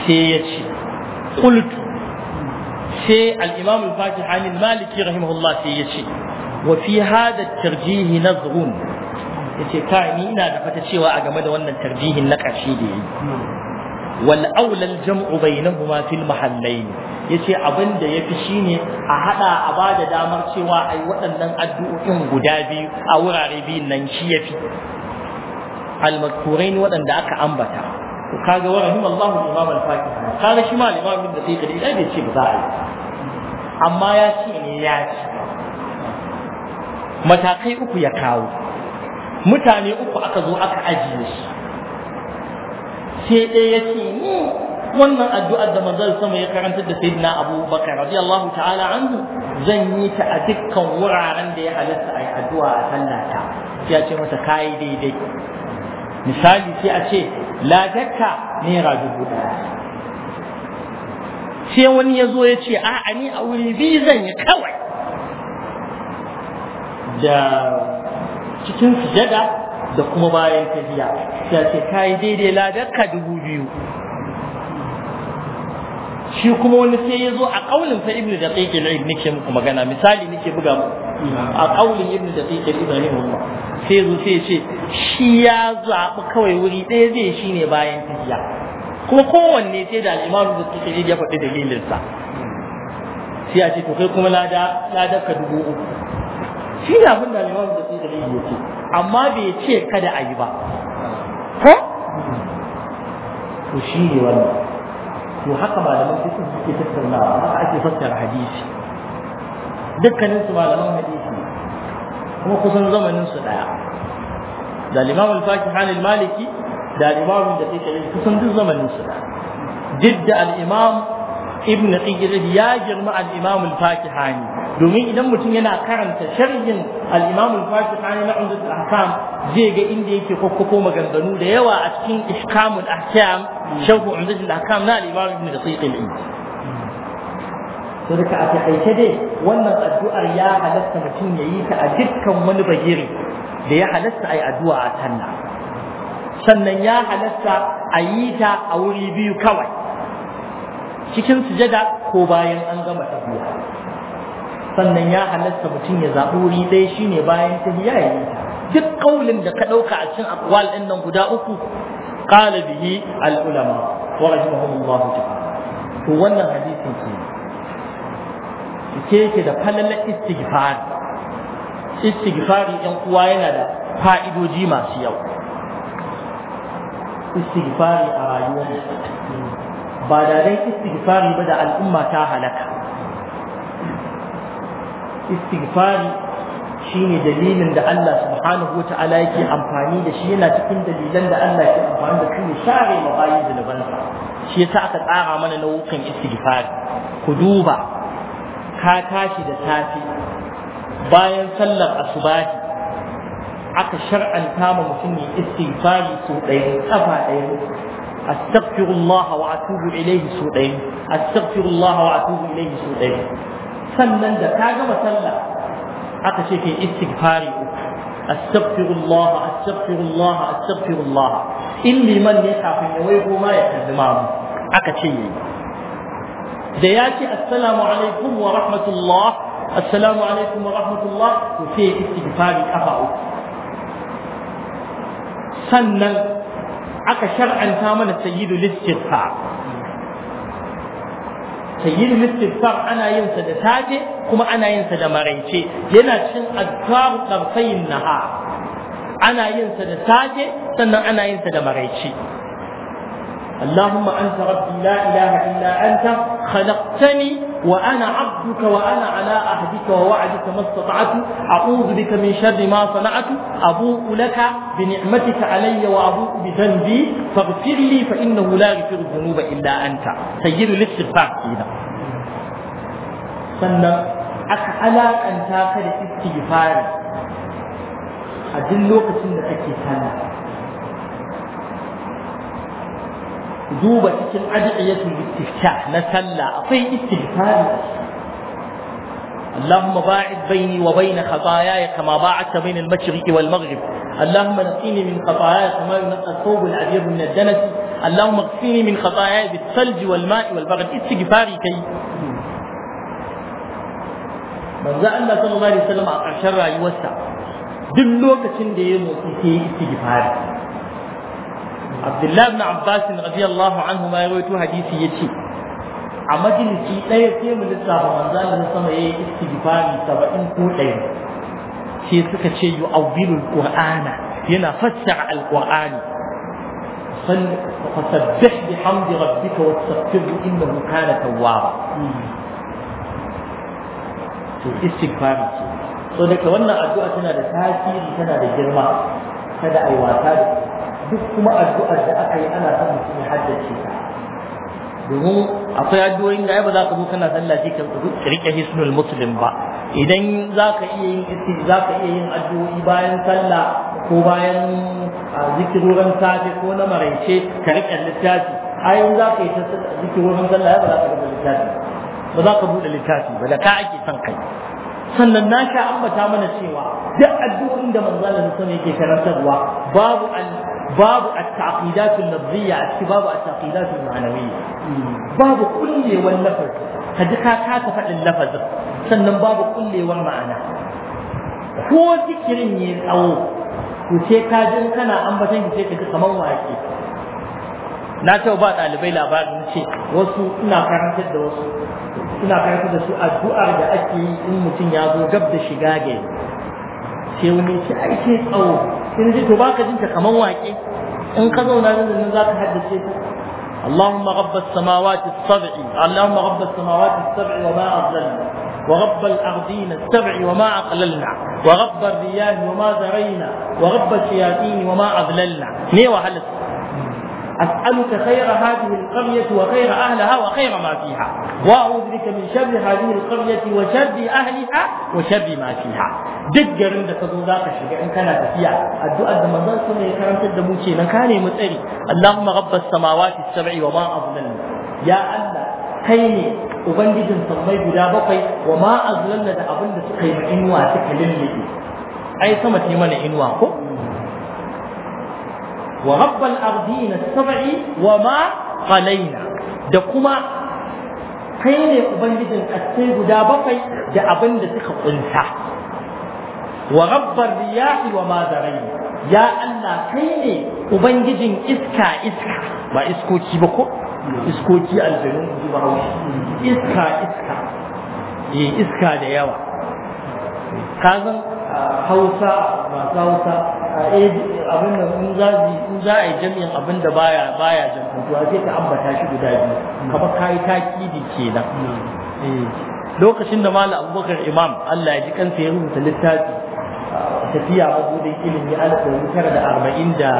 sai ya ce qultu sai al-imam al-fatihani maliki rahimahullah sai ya ce wa fi hada tarjihi nazrun yace ka ni ina da fata cewa a game da wannan tarjihin na ƙarshe da yayi wal aula jam'u jamu bainahuma fil mahallain yace abin da yafi shine a hada a bada damar cewa ai waɗannan addu'o'in guda biyu a wurare biyun nan shi yafi al-makturin waɗanda aka ambata kaga wa rahimallahu imam al-fatih kaga shi ma al-imam ibn daqiq da bai ce ba za a yi amma ya ce ne ya ci matakai uku ya kawo mutane uku aka zo aka ajiye shi sai ɗaya ya ce ni wannan addu'ar da manzon sama ya karanta da sayyidina Abu Bakar radiyallahu ta'ala anhu zan yi ta a dukkan wuraren da ya halatta a yi addu'a a sallata sai ya ce masa kai daidai misali sai a ce la dakka naira dubu ɗaya sai wani ya zo ya ce a'a ni a wuri biyu zan yi kawai da cikin sujada da kuma bayan tafiya ya ce ka yi daidai ladarka dubu biyu shi kuma wani sai ya zo a ƙaunin sa ibnu da tsaye na ibnu ke muku magana misali nake buga mu a ƙaunin ibnu da tsaye ibnu ne wannan sai zo sai ya ce shi ya zaɓi kawai wuri ɗaya zai shi ne bayan tafiya kuma kowanne sai da al'imamu da suke ya faɗi dalilinsa sai a ce to kai kuma lada ladar ka dubu uku shi ne abin da al'imamu da suke ya ce amma bai ce kada a yi ba ko to shi ne wannan to haka malaman sai suke tattaunawa haka ake fassara hadisi dukkanin su malaman hadisi kuma kusan zamanin su daya da al-imam al-fakihani al-maliki da imamin da kai kare kusan duk zamanin su duk da al-imam ibn qayyim ya girma al-imam al fatihani domin idan mutum yana karanta sharhin al-imam al fatihani na umdat al-ahkam zai ga inda yake kokkoko maganganu da yawa a cikin ihkamul ahkam shahu umdat al-ahkam na al-imam ibn qayyim sai ka a taƙaice dai wannan addu'ar ya halatta mutum ya yi ta a dukkan wani bagiri da ya halatta a yi addu'a a tanna sannan ya halasta a yi ta a wuri biyu kawai cikin sujada ko bayan an gama tafiya sannan ya halasta mutum ya zaɓi wuri ɗaya shine bayan tafiya ya yi duk ƙaunin da ka ɗauka a cikin akwal ɗin nan guda uku ƙala bihi al wa rahimahumullah to wannan hadisin ke ke ke da falalar istighfar istighfari ƴan uwa yana da fa'idoji masu yawa istighfari a rayuwar ba da dai istighfari ba da al'umma ta halaka istighfari shine dalilin da Allah subhanahu wata'ala yake amfani da shi yana cikin dalilan da Allah ke amfani da shi ne share mabayin zunubansa shi yasa aka tsara mana nau'ukan istighfari ku duba ka tashi da safe bayan sallar asubahi aka shar'anta ma mutum ya istighfari su ɗaya kafa ɗaya astaghfiru Allah wa atubu ilayhi su ɗaya astaghfiru Allah wa atubu ilayhi su ɗaya sannan da ka gama sallah aka ce kai istighfari astaghfiru Allah astaghfiru Allah astaghfiru Allah in liman ne kafin ya waigo ma ya kalli mamu aka ce yayi da ya ce assalamu alaikum wa rahmatullah assalamu alaikum wa rahmatullah to sai istighfari kafa uku sannan aka shar'anta mana sayyidul istighfar sayyidul istighfar ana yin sa da safe kuma ana yin sa da maraice yana cin azkar tarfayin naha ana yin sa da safe sannan ana yin sa da maraice اللهم أنت ربي لا إله إلا خلقتني وأنا عبدك وأنا على عهدك ووعدك ما استطعت أعوذ بك من شر ما صنعت أبوء لك بنعمتك علي وأبوء بذنبي فاغفر لي فإنه لا يغفر الذنوب إلا أنت سيد الاستغفار فينا sannan aka أن ka استغفاري أجل a duk lokacin دوبة cikin أدعية istifta na sallah akwai اللهم باعد بيني وبين خطاياي كما باعدت بين المشرق والمغرب اللهم نقيني من خطاياي كما ينقى الثوب العبير من الدنس اللهم اغسلني من خطاياي بالثلج والماء والبرد استغفاري كي من Allah الله صلى الله عليه وسلم rayuwarsa duk lokacin دلوك تندي motsi sai abdullahi bin abbas radiyallahu anhu ma ya rawaito hadisi ce a majalisi ɗaya sai mu lissafa manzo Allah sama yayi istighfari 70 ko ɗaya sai suka ce al alqur'ana yana fassara alqur'ani fasabbih bihamdi rabbika wastaghfirhu innahu kana tawwaba to istighfari so daga wannan addu'a tana da tasiri tana da girma kada ai wasa da duk kuma addu'ar da aka yi ana son mutum ya haddace ta domin akwai addu'o'in da ai ba za ka zo kana sallah sai ka rike hisnul muslim ba idan za ka iya yin za ka iya yin addu'o'i bayan sallah ko bayan zikirorin safe ko na maraice ka rike littafi ayin za ka yi ta zikirorin sallah ya ba za ka buɗe littafi ba za ka bude littafi ba da ka ake son kai sannan na sha ambata mana cewa duk addu'o'in da manzo Allah sallallahu alaihi yake karantarwa babu babu at-taqidat al-lafziyya a ciki babu at-taqidat al-ma'nawiyya babu kullewar lafaz ka ji ka kasa faɗin lafazin sannan babu kullewar ma'ana ko zikirin tsawo ka kana ambaton ki ka ji kamar na ta ba ɗalibai labarin ce wasu ina karantar da wasu ina karantar da su addu'ar da ake yi in mutum ya zo gab da shiga ga sai wani ce ai tsawo in ji to baka jin ta kaman waƙe in ka zauna nan nan zaka haddace ta اللهم رب السماوات السبع اللهم رب السماوات السبع وما أضللنا ورب الأرضين السبع وما أقللنا ورب الرياح وما ذرينا ورب الشياطين وما أضللنا ني وهلس أسألك خير هذه القرية وخير أهلها وخير ما فيها وأعوذ بك من شر هذه القرية وشر أهلها وشر ما فيها دق رندة تضوذاك الشيء إن كان تفيا الدعاء لما ظل كل يكرم تد موشي كان يمتعني اللهم رب السماوات السبع وما أظلم يا الله كيني أبنجد صمي بلا بقي وما أظلم أبنجد قيمة إنوا لي أي سمت يمن إنوا wa rabbal ardina sab'i wa ma qalaina da kuma kaine ubangijin kasai guda bakwai da abin da suka kunta wa rabbar riyahi wa ma zaraina ya Allah kai ne ubangijin iska iska ba iskoki ba ko iskoki aljanu ba iska iska eh, iska da yawa kazan hausa masu hausa eh, abin da in za a yi jami'in abin da baya baya jam'antuwa sai ka ambata shi guda biyu kamar takidi kenan eh, lokacin da malam abubakar imam allah ya ji kansa ya rubuta littafi tafiya buɗe ilimi alif da tara da arba'in da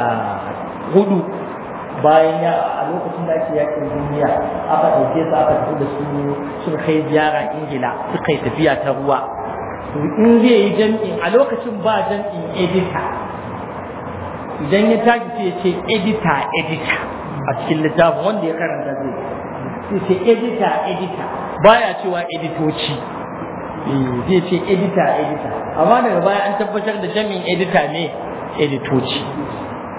hudu bayan ya a lokacin da ake yakin duniya aka ɗauke su aka tafi da su sun kai ziyara ingila suka yi tafiya ta ruwa to in zai yi jam'in a lokacin ba jam'in edita idan ya tashi sai ya ce edita edita a cikin littafin wanda ya karanta zai sai ce edita edita baya cewa editoci eh, zai ce edita edita amma daga baya an tabbatar da jam'in edita ne editoci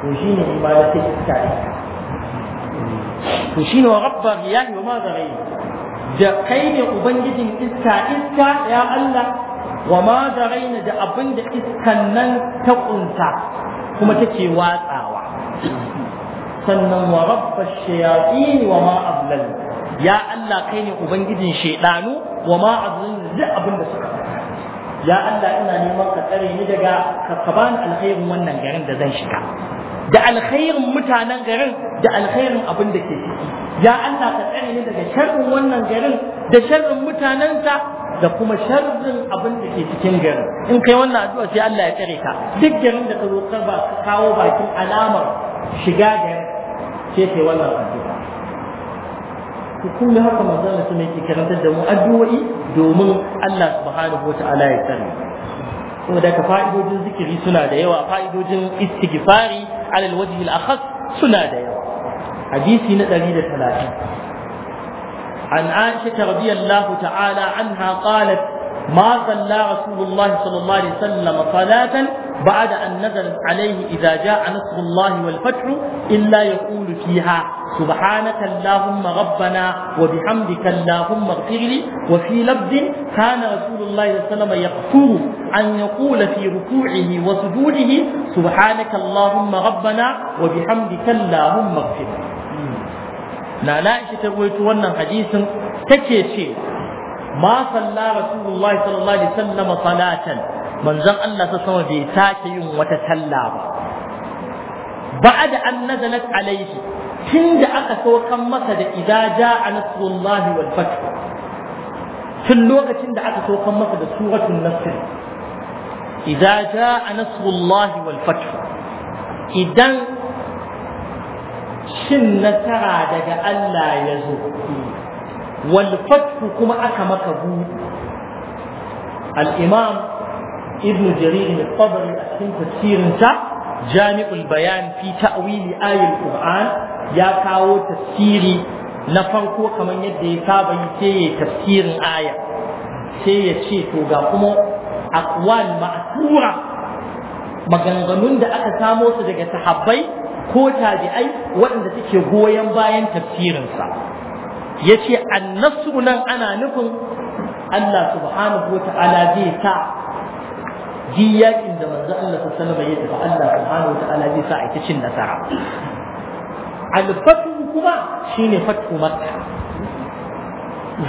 to shi ne ba da ta edita to shi ne wa rabba riyahi wa ma zarai da kai ne ubangijin iska iska ya Allah wa ma zaraina da abin da iskan nan ta kunsa kuma take watsawa sannan wa rabbash shayatin wa ma ablal ya Allah kai ne ubangijin shaydanu wa ma ablal da abin da suka ya Allah ina neman ka tsare ni daga ka bani alkhairin wannan garin da zan shiga da alkhairin mutanen garin da alkhairin abin da ke ciki ya Allah ka tsare ni daga sharrin wannan garin da sharrin mutanensa da kuma sharrin abin da ke cikin garin in kai wannan addu'a sai Allah ya tsare ka duk garin da ka zo ka ba ka kawo bakin alamar shiga garin sai kai wannan addu'a to kun haka manzon Allah sun yake karantar da mu addu'o'i domin Allah subhanahu wata'ala ya tsare saboda ka fa'idojin zikiri suna da yawa fa'idojin istighfari alal wajhi al-akhas suna da yawa hadisi na 130 عن عائشة رضي الله تعالى عنها قالت ما صلى رسول الله صلى الله عليه وسلم صلاة بعد أن نزلت عليه إذا جاء نصر الله والفتح إلا يقول فيها سبحانك اللهم ربنا وبحمدك اللهم اغفر لي وفي لفظ كان رسول الله صلى الله عليه وسلم يغفر أن يقول في ركوعه وسجوده سبحانك اللهم ربنا وبحمدك اللهم اغفر لي na Aisha ta rawaito wannan hadisin take ce ma salla rasulullahi sallallahu alaihi wasallam salatan manzon Allah ta sama bai take yin wata talla ba ba'da an nazalat alaihi tunda aka saukan masa da idza jaa nasrullahi wal fath tun lokacin da aka saukan masa da suratul nasr idza jaa nasrullahi wal fath idan cin nasara daga Allah ya zo wal kuma aka maka buɗe. al-imam ibn jarir al-tabari a cikin tafsirinsa jami'ul bayan fi ta'wili ayatul qur'an ya kawo tafsiri na farko kamar yadda ya saba yi sai ya tafsirin aya sai ya ce to ga kuma akwal ma'thura maganganun da aka samo su daga sahabbai ko tabi'ai waɗanda suke goyon bayan tafsirinsa ya ce annasu nan ana nufin Allah subhanahu wa ta'ala zai sa ji yakin da manzo Allah ta sanaba ya tafi Allah subhanahu wa ta'ala zai sa a ita cin nasara alfatu kuma shine fatu makka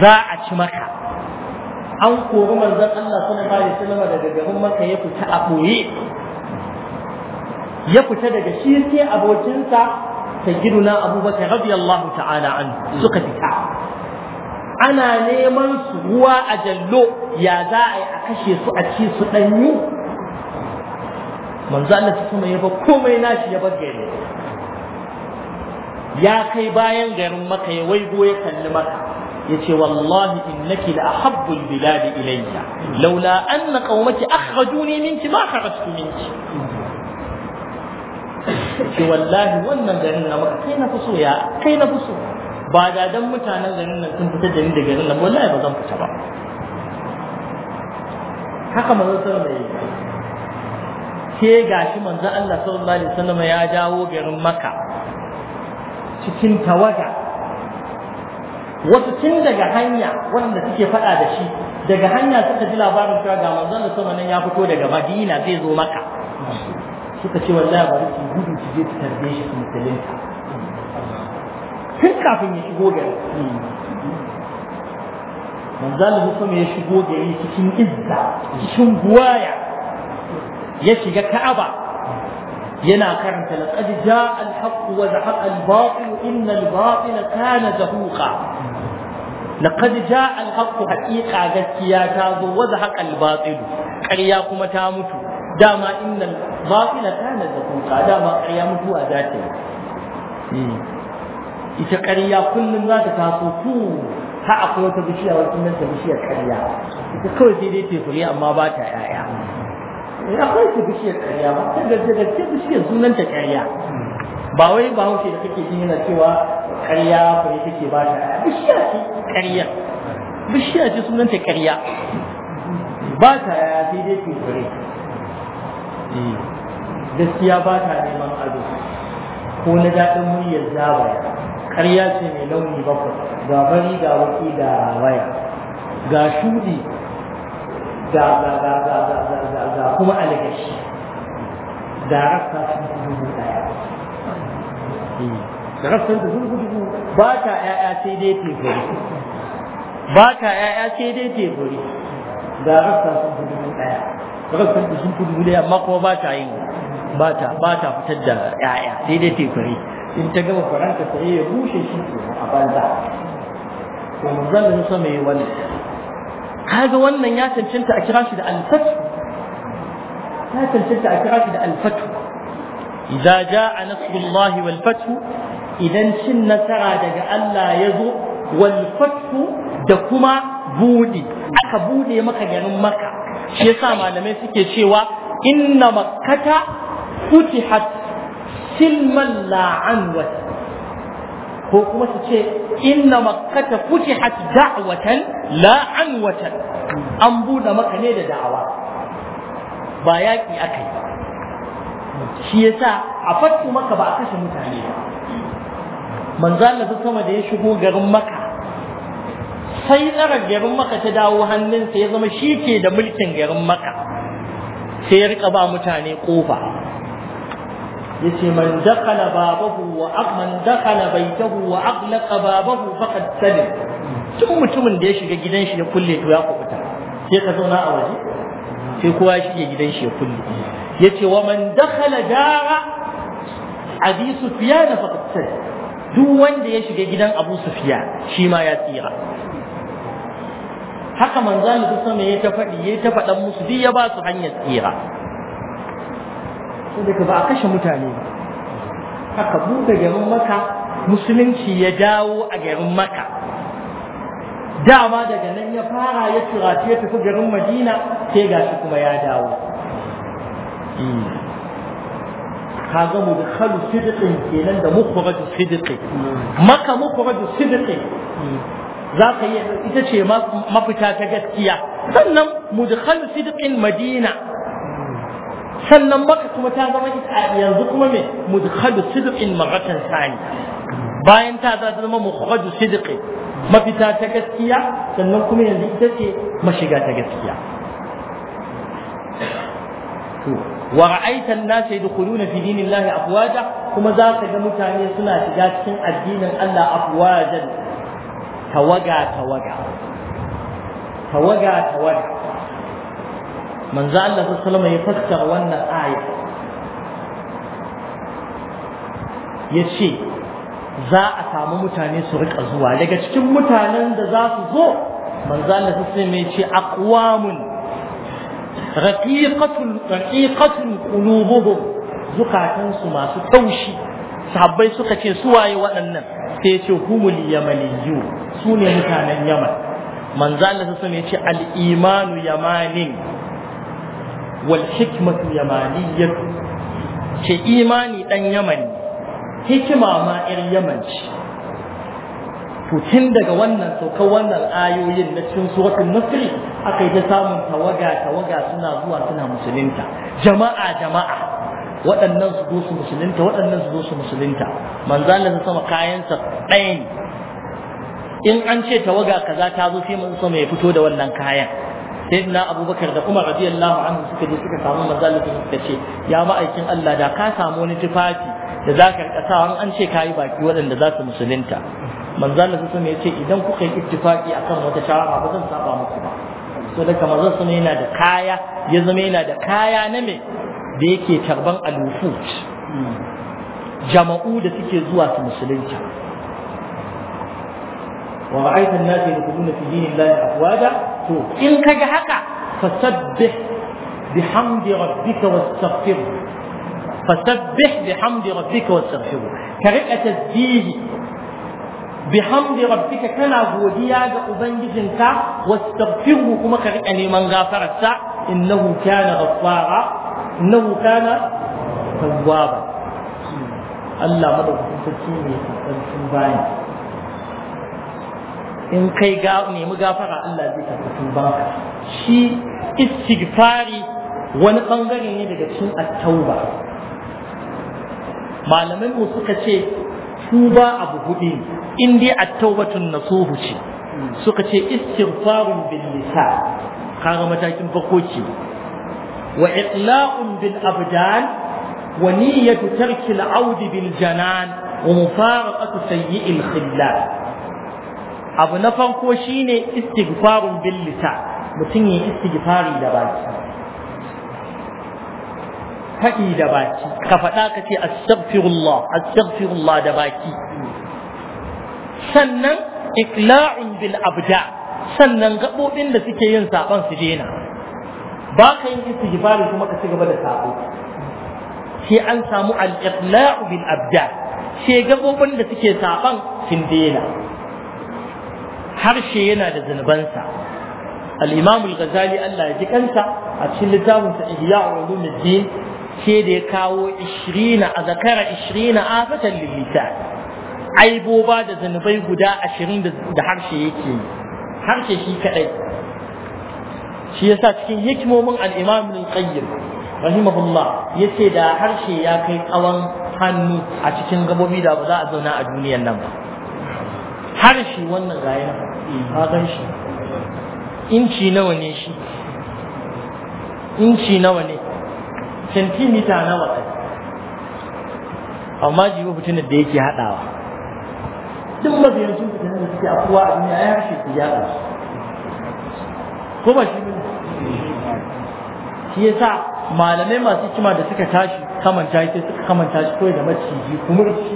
za a ci maka an kori manzon Allah sallallahu alaihi wasallam daga garin makka ya fita a boye ya fita daga shi sai abokinsa sayyiduna abubakar radiyallahu ta'ala an suka fita ana neman su ruwa a jallo ya za a yi a kashe su a ci su danyu manzo Allah ta kuma ya ba komai nashi ya bar gari ya kai bayan garin maka ya waigo ya kalli maka yace wallahi innaki la ahabbul albilad ilayya laula anna qaumaki akhrajuni minki ma kharajtu minki ce wallahi wannan garin na maka kai na fi so ya kai na fi so ba da dan mutanen garin nan sun fita da ni da garin nan wallahi ba zan fita ba haka manzo sallallahu alaihi wasallam ke gashi manzo Allah sallallahu alaihi wasallam ya jawo garin maka. cikin tawaga wasu tun daga hanya wanda suke faɗa da shi daga hanya suka ji labarin cewa ga manzon da sama nan ya fito daga Madina zai zo maka. suka ce wallahi bari su gudu su je su tarbe shi su musulunta tun kafin ya shigo gari manzalin hukum ya shigo gari cikin izza cikin buwaya ya shiga ka'aba yana karanta laqad jaa al-haqq wa zahaqa al-batil inna al-batil kana zahuqa laqad jaa al-haqq haqiqa gaskiya ta zo wa zahaqa al-batil ƙarya kuma ta mutu dama innal batila kana da kuka dama ƙarya mutuwa za ta yi hmm. ita ƙarya kullum za ta taso ku ha akwai wata bishiya wata nan ta bishiyar ƙarya ita kawai sai dai tefuri amma ba ta ƴaƴa eh, akwai ta bishiyar ƙarya ba ta gaske bishiyar sunan ta ƙarya ba wai ba hausa da kake jin yana cewa ƙarya fure take ba ta bishiya ce ƙarya bishiya ce sunanta ƙarya ba ta ya sai dai ke Eh, gaskiya ba ta neman ado ko na daɗin muryar zabaya ƙarya ce mai launi bakwai ga bari ga waki da waya ga shudi ga ga ga ga ga ga ga ga kuma alagashi da rasta sun dubu ɗaya eh, da rasa sun dubu ba ta ƴaƴa sai dai tefuri ba ta ƴaƴa sai dai tefuri da rasta sun dubu ɗaya rashin da sun kudu ne amma kuma ba ta yin ba ta ba ta fitar da ya'ya sai dai ta fure in ta gama faranta sai ya bushe shi a banza to manzon sa mai wani kaga wannan ya cancanta a kira shi da alfatu ya cancanta a kira shi da alfatu idza jaa nasrullahi wal fathu idan cin nasara daga Allah ya zo wal fathu da kuma budi aka bude maka garin maka shi yasa malamai suke cewa inna makkata futihat silman la'anwat ko kuma su ce inna makkata futihat da'watan la'anwatan an buɗe maka ne da da'awa ba yaƙi aka yi shi yasa a fatu maka ba a kashe mutane ba manzo Allah sama da ya shigo garin maka sai tsarar garin maka ta dawo hannunsa ya zama shi ke da mulkin garin maka sai ya rika ba mutane kofa ya ce man dakala babahu wa man dakala baitahu wa aglaqa babahu faqad salim tun mutumin da ya shiga gidan shi ya kulle to ya kubuta sai ka zauna a waje sai kowa ya shiga gidan shi ya kulle ya ce wa man dakala dara abi sufyan faqad salim duk wanda ya shiga gidan abu sufiya shi ma ya tsira haka manzali su sama ya ta faɗi ya ta faɗan musu duk ya ba su hanyar tsira sai daga ba a kashe mutane ba haka buɗe garin maka musulunci ya dawo a garin maka dama daga nan ya fara ya turati ya tafi garin madina sai ga shi kuma ya dawo hmm. kaga mu da khalu sidiqin kenan da mukhraju sidiqi hmm. maka mukhraju sidiqi hmm. za ka yi ita ce mafita ta gaskiya sannan mudkhal sidqin madina sannan maka kuma ta zama ita yanzu kuma me mudkhal sidqin maratan sani bayan ta za zama mukhraj sidqi mafita ta gaskiya sannan kuma yanzu ita ce mashiga ta gaskiya wa ra'aita an-nas yadkhuluna fi dinillahi afwaja kuma za ka ga mutane suna shiga cikin addinin Allah afwajan tawaga tawaga tawaga tawaga manzo Allah sallallahu alaihi wasallam ya fassara wannan aya yace za a samu mutane su rika zuwa daga cikin mutanen da za su zo manzo Allah sallallahu alaihi wasallam yace aqwamun raqiqatul raqiqatul qulubuhum zukatansu masu taushi sahabbai suka ce su waye waɗannan sai ce humul yamaniyu su ne mutanen yaman manzo Allah sai ce al imanu yamanin wal hikmatu yamaniyyah ce imani dan yamani hikima ma irin yamanci to tun daga wannan saukar wannan ayoyin na cikin suratul nasri aka yi ta samun tawaga tawaga suna zuwa suna musulunta jama'a jama'a waɗannan su zo su musulunta waɗannan su zo su musulunta manzo Allah sama kayansa ɗaya ne in an ce tawaga kaza ta zo sai manzo sama ya fito da wannan kayan sayyidina abubakar da umar radiyallahu anhu suka je suka samu manzo Allah suka ce ya ma'aikin Allah da ka samu wani tufafi da za ka rika sawa an ce kayi baki waɗanda za su musulunta manzo Allah sama ya ce idan kuka yi ittifaki akan wata shawara ba zan saba maku ba so da kamar yana da kaya ya zama yana da kaya na me da yake tarban alufut jama'u da suke zuwa su musulunta wa ra'aita an-nas yadkhuluna fi dinillahi afwaja to in kaga haka fasabbih bihamdi rabbika wastaghfir fasabbih bihamdi rabbika wastaghfir ka rika tasbih bihamdi rabbika kana godiya ga ubangijinka wastaghfirhu kuma ka rika neman gafararsa innahu kana ghaffara innahu kana ba. Allah madaukakin sarki ne sarkin bayan in kai ga nemi gafara Allah zai karɓi tubanka shi istighfari wani bangare ne daga cikin at-tauba malaman mu suka ce tuba abu hudu in dai at-taubatun nasuhu ce suka ce istighfarun bil lisan kaga matakin farko ce وإطلاق بالأبدان ونية ترك العود بالجنان ومفارقة سيء الخلال أبو نفر كوشيني استغفار باللسان متني استغفاري لباكي faɗi da baki ka faɗa ka ce astaghfirullah astaghfirullah da baki sannan ikla'un bil abda sannan gaɓoɓin da suke yin saɓon su dena ba ka yin istighfari kuma ka ci gaba da sabo sai an samu al-iqla'u bil abda sai gabobin da suke saban sun daina harshe yana da zunubansa al-imam al-ghazali Allah ya ji kansa a cikin littafin sa ihya ulumuddin sai da ya kawo 20 a zakara 20 afatan lil lisan aiboba da zunubai guda 20 da harshe yake harshe shi kadai shi yasa cikin hikimomin al-imam ibn qayyim rahimahullah yace da harshe ya kai tsawon hannu a cikin gabobi da ba za a zauna a duniyar nan ba harshe wannan gaya na ka gan shi inci nawa ne shi inci nawa ne centimeter nawa ne amma jiwa fitinar da yake haɗawa duk cin fitinar da suke afuwa a duniya ya harshe su yaɗa ko ba shi ne shi yasa malamai masu hikima da suka tashi kamanta shi suka kamanta shi koyi da maciji kumurci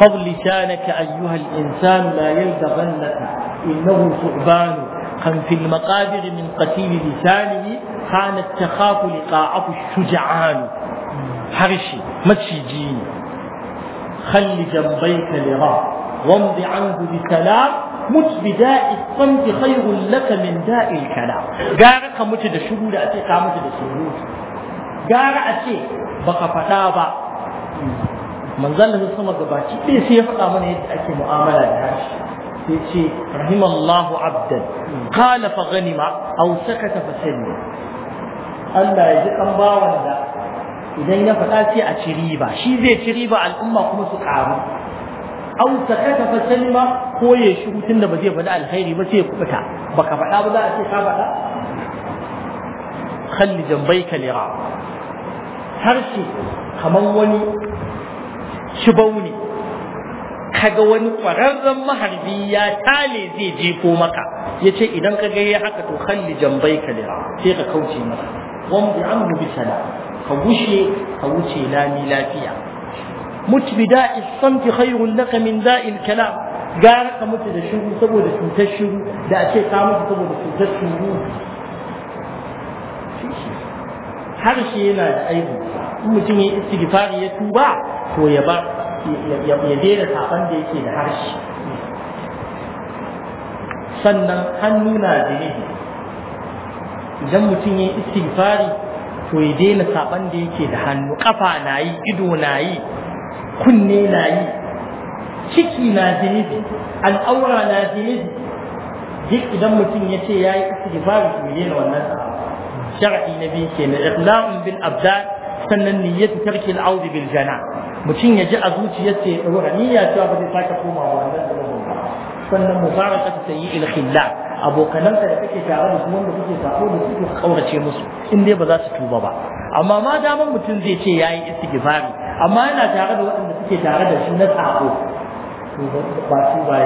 قبل لسانك أيها الإنسان لا يلدغنك إنه ثعبان كم في المقادر من قتيل لسانه كانت تخاف لقاءه الشجعان حرشي متشجين خل جنبيك لراه وامض عنه بسلام Mutu bi da'i samti khairul laka min da'il kala gara ka mutu da shiru da ake ka mutu da shiru gara a ce baka faɗa ba manzon da sama gabaci ɗaya sai ya faɗa mana yadda ake mu'amala da harshe sai ce rahimallahu abdan qala fa ghanima aw sakata fa sallama Allah ya ji kan bawan da idan ya faɗa sai a ci riba shi zai ci riba al'umma kuma su ƙaru au sakata fa ba, ko ya shiru da ba zai faɗi alkhairi ba sai ya kubuta baka faɗa ba za a ce ka faɗa khalli ka lira harshe kamar wani shibau ne kaga wani ƙwararren maharbi ya tale zai jefo maka ya ce idan ka ga ya haka to khalli jambai ka lira sai ka kauce masa wan bi amru bi sala ka gushe ka wuce lami lafiya mutu bi da'i samti khairun laka min da'il kalam gara ka mutu da shiru saboda cutar shiru da a ce saboda cutar shiru harshe yana da aibu in mutum ya istighfari ya tuba to ya daina da harshe sannan hannu na zunubi idan mutum ya istighfari to ya daina saban da yake da hannu kafa na yi ido na yi kunne na yi ciki na zinibi al'aura na zinibi duk idan mutum ya ce ya yi istighfari to ne wannan shar'i na biyu ke na iqla'un bil abdan sannan niyyatu tarki al'aud bil jana mutum ya ji a zuciyarsa ya ni ya cewa ba zai sake koma wannan sannan mubarakatu sayyi'il khillah Abokanansa da kake tare da su wanda kuke sako da su kaurace musu in dai ba za su tuba ba amma ma daman mutum zai ce yayi istighfari amma yana tare da waɗanda suke tare da shi na sako ba shi ba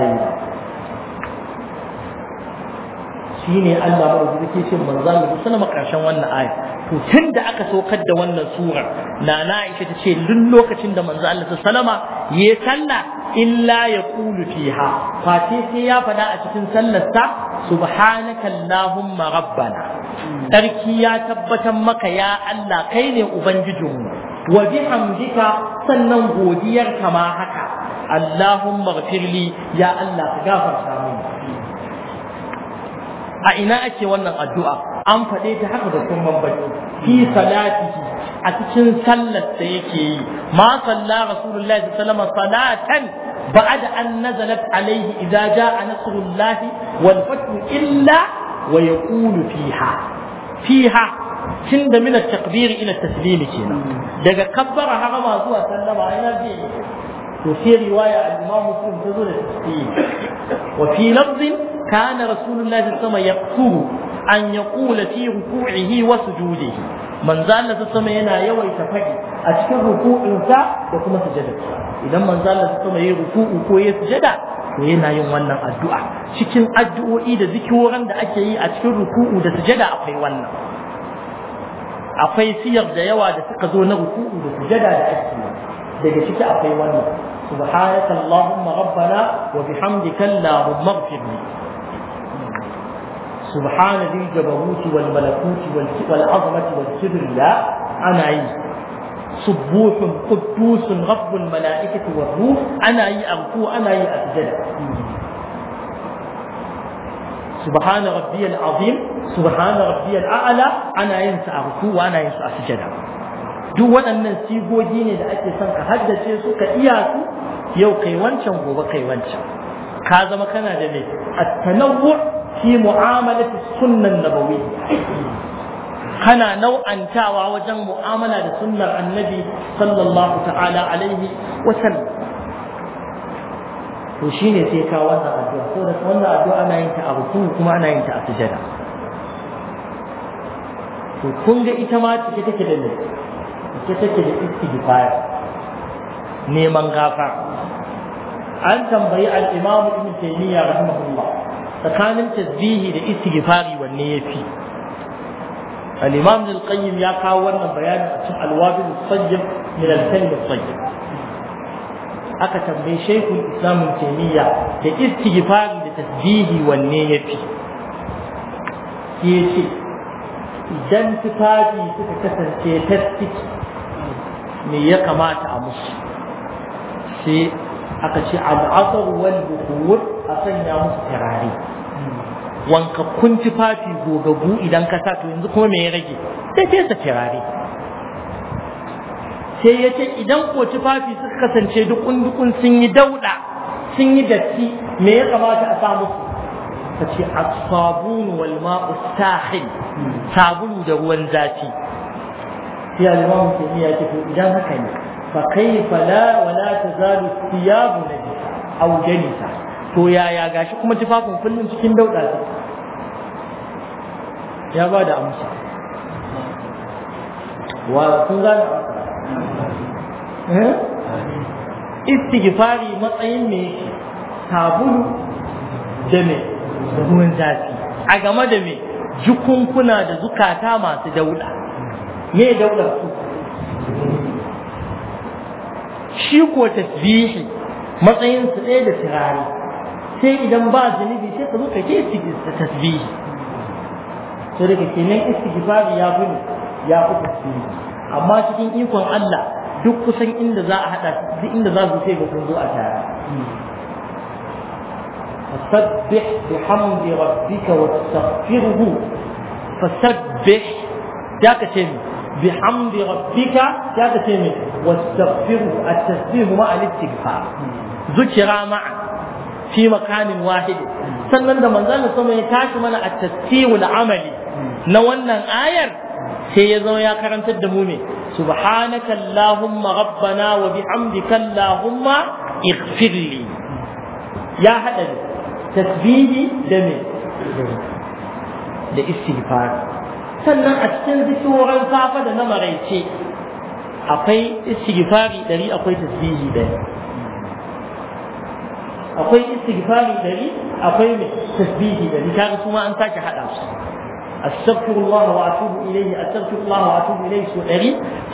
shi ne Allah ba da ke ce manzan da suna makarshen wannan aya to tun da aka saukar da wannan surar na na aisha ta ce duk lokacin da manzo Allah ta salama ya salla illa ya kulu fiha Fati sai ya fada a cikin sallarsa subhanaka allahumma rabbana sarki ya tabbatar maka ya Allah kai ne ubangijinmu wa bihamdika sannan godiyar kama haka Allahumma ghfirli ya Allah ka gafarta mini a ina ake wannan addu'a an faɗe ta haka da sun bambaci. fi salatihi a cikin sallar da yake yi ma salla rasulullahi sallallahu alaihi wasallam salatan da an nazalat alaihi idza jaa nasrullahi wal fathu illa wa yaqulu fiha fiha tun da min takbiri ina taslimi kenan daga kabbara harama zuwa sallama ina bi to sai riwaya al-imam sun ta zo da tasbih wa fi lafzin kana rasulullahi sallallahu alaihi wasallam an yaqula fi ruku'ihi wa sujudihi manzo Allah sallallahu yana yawaita fadi a cikin sa da kuma sujudarsa idan manzo Allah sama alaihi ruku'u ko ya sujada to yana yin wannan addu'a cikin addu'o'i da zikiroran da ake yi a cikin ruku'u da sujada akwai wannan akwai siyar da yawa da suka zo na ruku'u da sujada da ake daga ciki akwai wannan سبحانك اللهم ربنا وبحمدك اللهم اغفر لي سبحان ذي الجبروت والملكوت والعظمة والكبر لا أنا أي سبوح قدوس رب الملائكة والروح أنا أي أنا أي أسجد subhana rabbiyal azim subhana rabbiyal a'la ana yin sa a ruku ana yin sa a sujada duk waɗannan sigogi ne da ake son ka haddace su ka iya su yau kai wancan gobe kai wancan ka zama kana da ne at-tanawwu fi mu'amalati sunnan nabawiyya kana nau'antawa wajen mu'amala da sunnar annabi sallallahu ta'ala alaihi wa sallam to ne sai ka wannan addu'a saboda wannan addu'a ana yin ta a rukun kuma ana yin ta a sujada to kun ga ita ma cike take da ne cike take da istighfar neman gafara an tambayi al-Imam Ibn Taymiyyah rahimahullah tsakanin tasbihi da istighfari wanne yafi al-Imam Al-Qayyim ya kawo wannan bayanin a cikin al-Wabil Tayyib min al-Kalim Tayyib aka tambaye shaykhul islam taymiya da istighfari da tasbihi wanne yafi ce idan tufafi suka kasance tasbiki me ya kamata a musu sai aka ce al'asar wal bukhur a sanya musu turare wanka kun tufafi gogagu idan ka sa to yanzu kuma me ya rage sai fesa turare sai ya ce idan ko tufafi suka kasance dukun dukun sun yi dauda sun yi datti me ya kamata a samu ka ce a sabun wal ma'u sahil sabulu da ruwan zafi sai al-imam ya ce to idan haka ne fa wala ta wa siyabu na thiyabu a aw janisa to yaya gashi kuma tufafin kullum cikin dauda ya ba da amsa wa sun gane Eh? istighfari matsayin ne sabulu da me da ruwan zafi a game da me jukunkuna da zukata masu dauda me dauda su shi ko tasbihi matsayin su ɗaya da turare sai idan ba zunubi sai ka zo ka ta tasbihi to daga kenan istighfari ya fi ya fi tasbihi amma cikin ikon Allah duk kusan inda za a hada duk inda za su sai ga sun zo a tare fasabbih bihamdi rabbika wastaghfirhu fasabbih ya ka ce bihamdi rabbika ya ka ce wastaghfirhu at-tasbih ma'a al-istighfar zukira ma'a fi makamin wahid sannan da manzon sama ya tashi mana at-tasbih al-amali na wannan ayar sai ya zama ya karantar da mu ne subhanaka allahumma rabbana wa bihamdika allahumma ighfirli ya hada ne tasbihi da me da istighfar sannan a cikin zikirin safa da na maraice akwai istighfari dari akwai tasbihi dari akwai istighfari dari akwai tasbihi dari kaga kuma an sake hada su astaghfiru Allah wa atubu ilayhi astaghfiru Allah wa atubu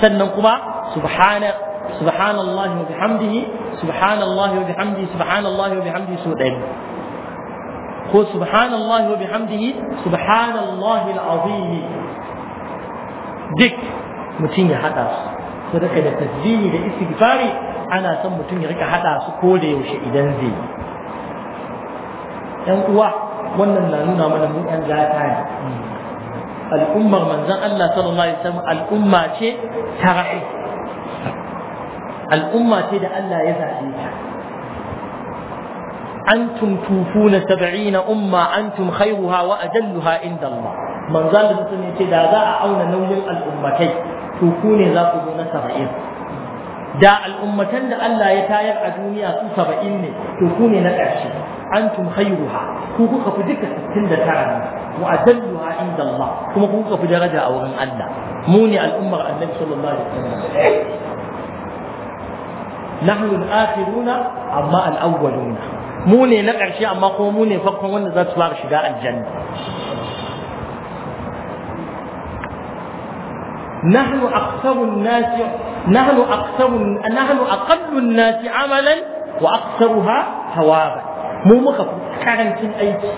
sannan kuma subhana wa bihamdihi subhanallahi wa bihamdihi subhanallahi wa bihamdihi su dari ko subhanallahi wa bihamdihi subhanallahi alazim dik mutum ya hada su ko da kai da tazini da ana son mutum ya rika hada su ko da yaushe idan zai yan uwa wannan na nuna mana mu ɗan gata ne al'ummar manzon Allah sallallahu alaihi wasallam al'umma ce ta rahi al'umma ce da Allah ya zaɓe ta antum tufuna 70 umma antum khairuha wa ajalluha inda Allah manzon da sun ce da za a auna nauyin al'ummatai to ne za ku zo na 70 da al'ummatan da Allah ya tayar a duniya su saba'in ne to ku ne na ƙarshe أنتم خيرها كوكوكا فدك ستين تعالى وأدلها عند الله كما كوكوكا درجة أو من الله موني الأمة النبي صلى الله عليه وسلم نحن الآخرون أما الأولون موني نقع شيء أما قوموني فقهم وأن ذات سوار شداء الجنة نحن أكثر الناس نحن أكثر نحن أقل الناس عملا وأكثرها ثوابا mu muka fi karancin aiki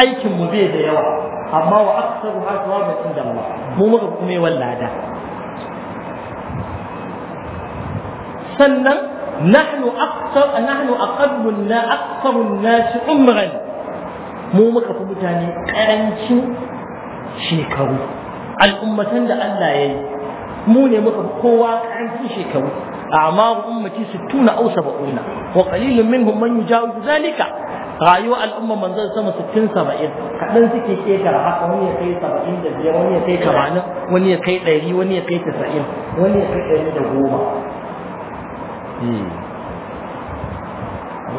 aikin mu bai da yawa amma wa aksaru ha tawabatin da Allah mu muka fi kuma yawan lada sannan nahnu aktsar nahnu aqallu na aktsaru nas umran mu muka fi mutane karancin shekaru al'ummatan da Allah ya yi mu ne muka kowa karancin shekaru أعمار أمتي ستون أو سبعون وقليل منهم من يجاوز ذلك rayuwar al'umma manzon sama sittin saba'in kaɗan suke shekara haka wani ya kai saba'in da biyar wani ya kai tamanin wani ya kai ɗari wani ya kai tasa'in wani ya kai ɗari da goma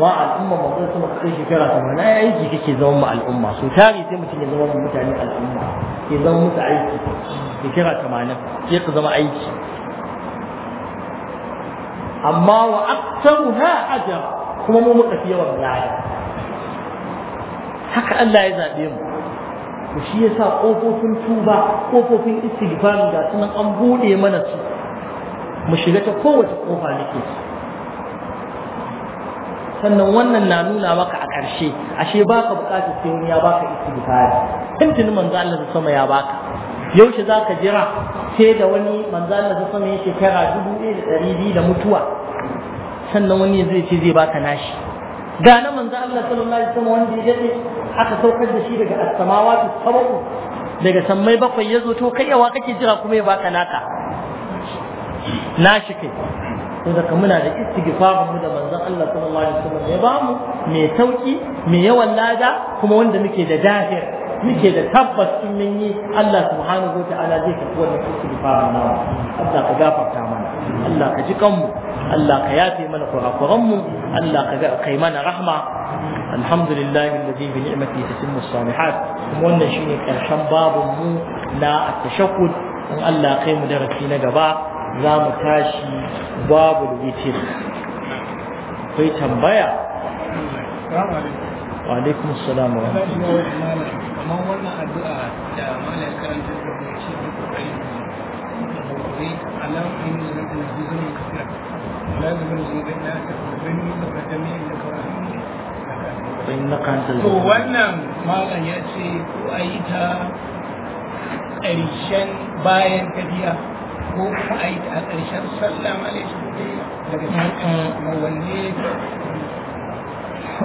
al'umma sama kai shekara tamanin ya aiki kake zama ma al'umma so tari sai mutum ya zama mutane al'umma ke zama musu aiki shekara tamanin sai ka zama aiki amma wa aktaruha ajar, kuma mu muka fi yawan lada haka Allah ya zabe mu to shi yasa kofofin tuba kofofin istighfar da sunan an bude mana su mu shiga ta kowace kofa nake sannan wannan na nuna maka a ƙarshe ashe baka bukatar sai wani ya baka istighfar tantini manzo Allah da sama ya baka yaushe zaka jira sai da wani manzo su ta sama shekara dubu ɗaya da ɗari biyu da mutuwa sannan wani zai ce zai baka nashi ga na manzo Allah sallallahu alaihi wasallam wanda ya daɗe, aka saukar da shi daga as-samawati sab'u daga sammai bakwai yazo to kai yawa kake jira kuma ya baka naka nashi kai to daga muna da istighfarin mu da manzon Allah sallallahu alaihi wasallam ya mu mai sauki mai yawan lada kuma wanda muke da dahir muke da tabbas in mun yi Allah subhanahu wa zai karɓi wannan istighfarin namu Allah ka gafarta mana Allah ka ji kanmu Allah ka yafe mana kurakuran mu Allah ka kai mana rahma alhamdulillahi alladhi bi ni'matihi tatimmu salihat kuma wannan shine karshen babun mu na at-tashakkud in Allah kai mu darasi na gaba za mu tashi babu witir akwai tambaya wa alaikum assalam wa rahmatullahi kamar wannan addu'a da malam karanta da da na ta da na kanta ƙarshen bayan tafiya ko a a ƙarshen daga cikin wanne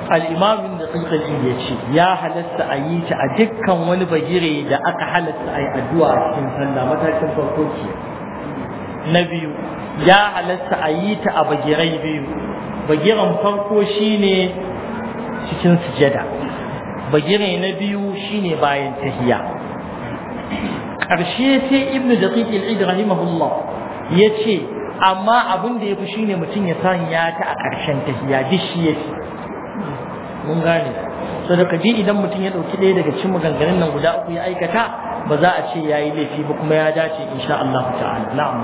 al'imamin da tsinkalin ya ce ya halatta a yi ta a dukkan wani bagire da aka halatta a yi addu'a a cikin sallah matakin farko ke na biyu ya halatta a yi ta a bagirai biyu bagiran farko ne cikin sujada bagire na biyu ne bayan tahiya ƙarshe sai ibnu da al-id ya yace amma abin da ya shi shine mutum ya sanya ta a ƙarshen tahiya duk shi ce. mun gane so da kaji idan mutum ya dauki ɗaya daga cikin maganganun nan guda uku ya aikata ba za a ce yayi laifi ba kuma ya dace insha Allah ta'ala na'am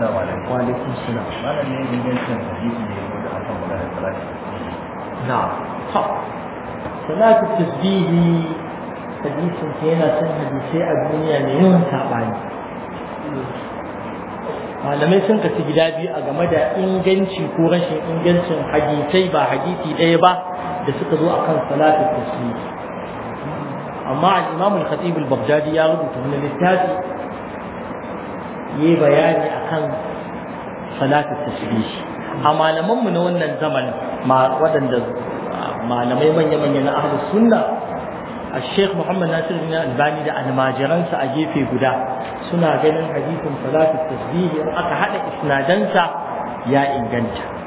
na'am wa alaikum salam malam ne ingancin hadisi ne wanda aka magana salati na'am ha salatu tasbihi hadisin ke yana son hadisai a duniya ne yawan sabani malamai sun kasu gida biyu a game da inganci ko rashin ingancin hadisai ba hadisi ɗaya ba da suka zo akan salatul tasbih amma imam al-khatib al-baghdadi ya rubuta wani littafi yi bayani akan salatul tasbih a malaman mu na wannan zaman ma wadanda malamai manya-manya na ahlus sunna الشيخ محمد ناصر بن albani da الماجران a gefe guda suna ganin hadisin salatul tasbih aka hada isnadansa ya inganta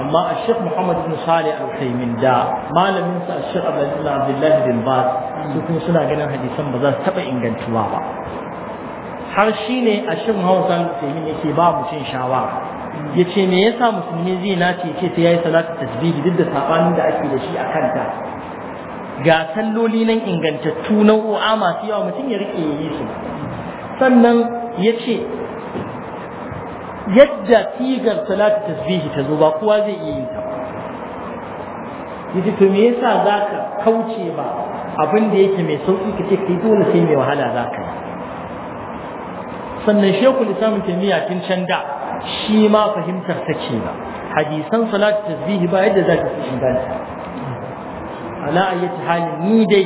amma a shek muhammad bin salih al-taimin da malamin sa shek abdullahi bin baz su kuma suna ganin hadisan ba za su taba ingantuwa ba har ne a shek muhammad al-taimin yake ba shawa. Ya yace me yasa musulmi zai nace ce sai yayi salatu tasbihi duk da sabanin da ake da shi a kanta ga salloli nan ingantattu nau'o'a masu yawa mutum ya rike yi su sannan yace yadda sigar salatu tasbihi ta zo ba kowa zai iya yin ta yadda me yasa zaka kauce ba abin da yake mai sauki kace kai dole sai mai wahala zaka sannan shehu lisamin taymiya tun can da shi ma fahimtar ta ce ba hadisan salatu tasbihi ba yadda zaka fi inganta ala ayyati halin ni dai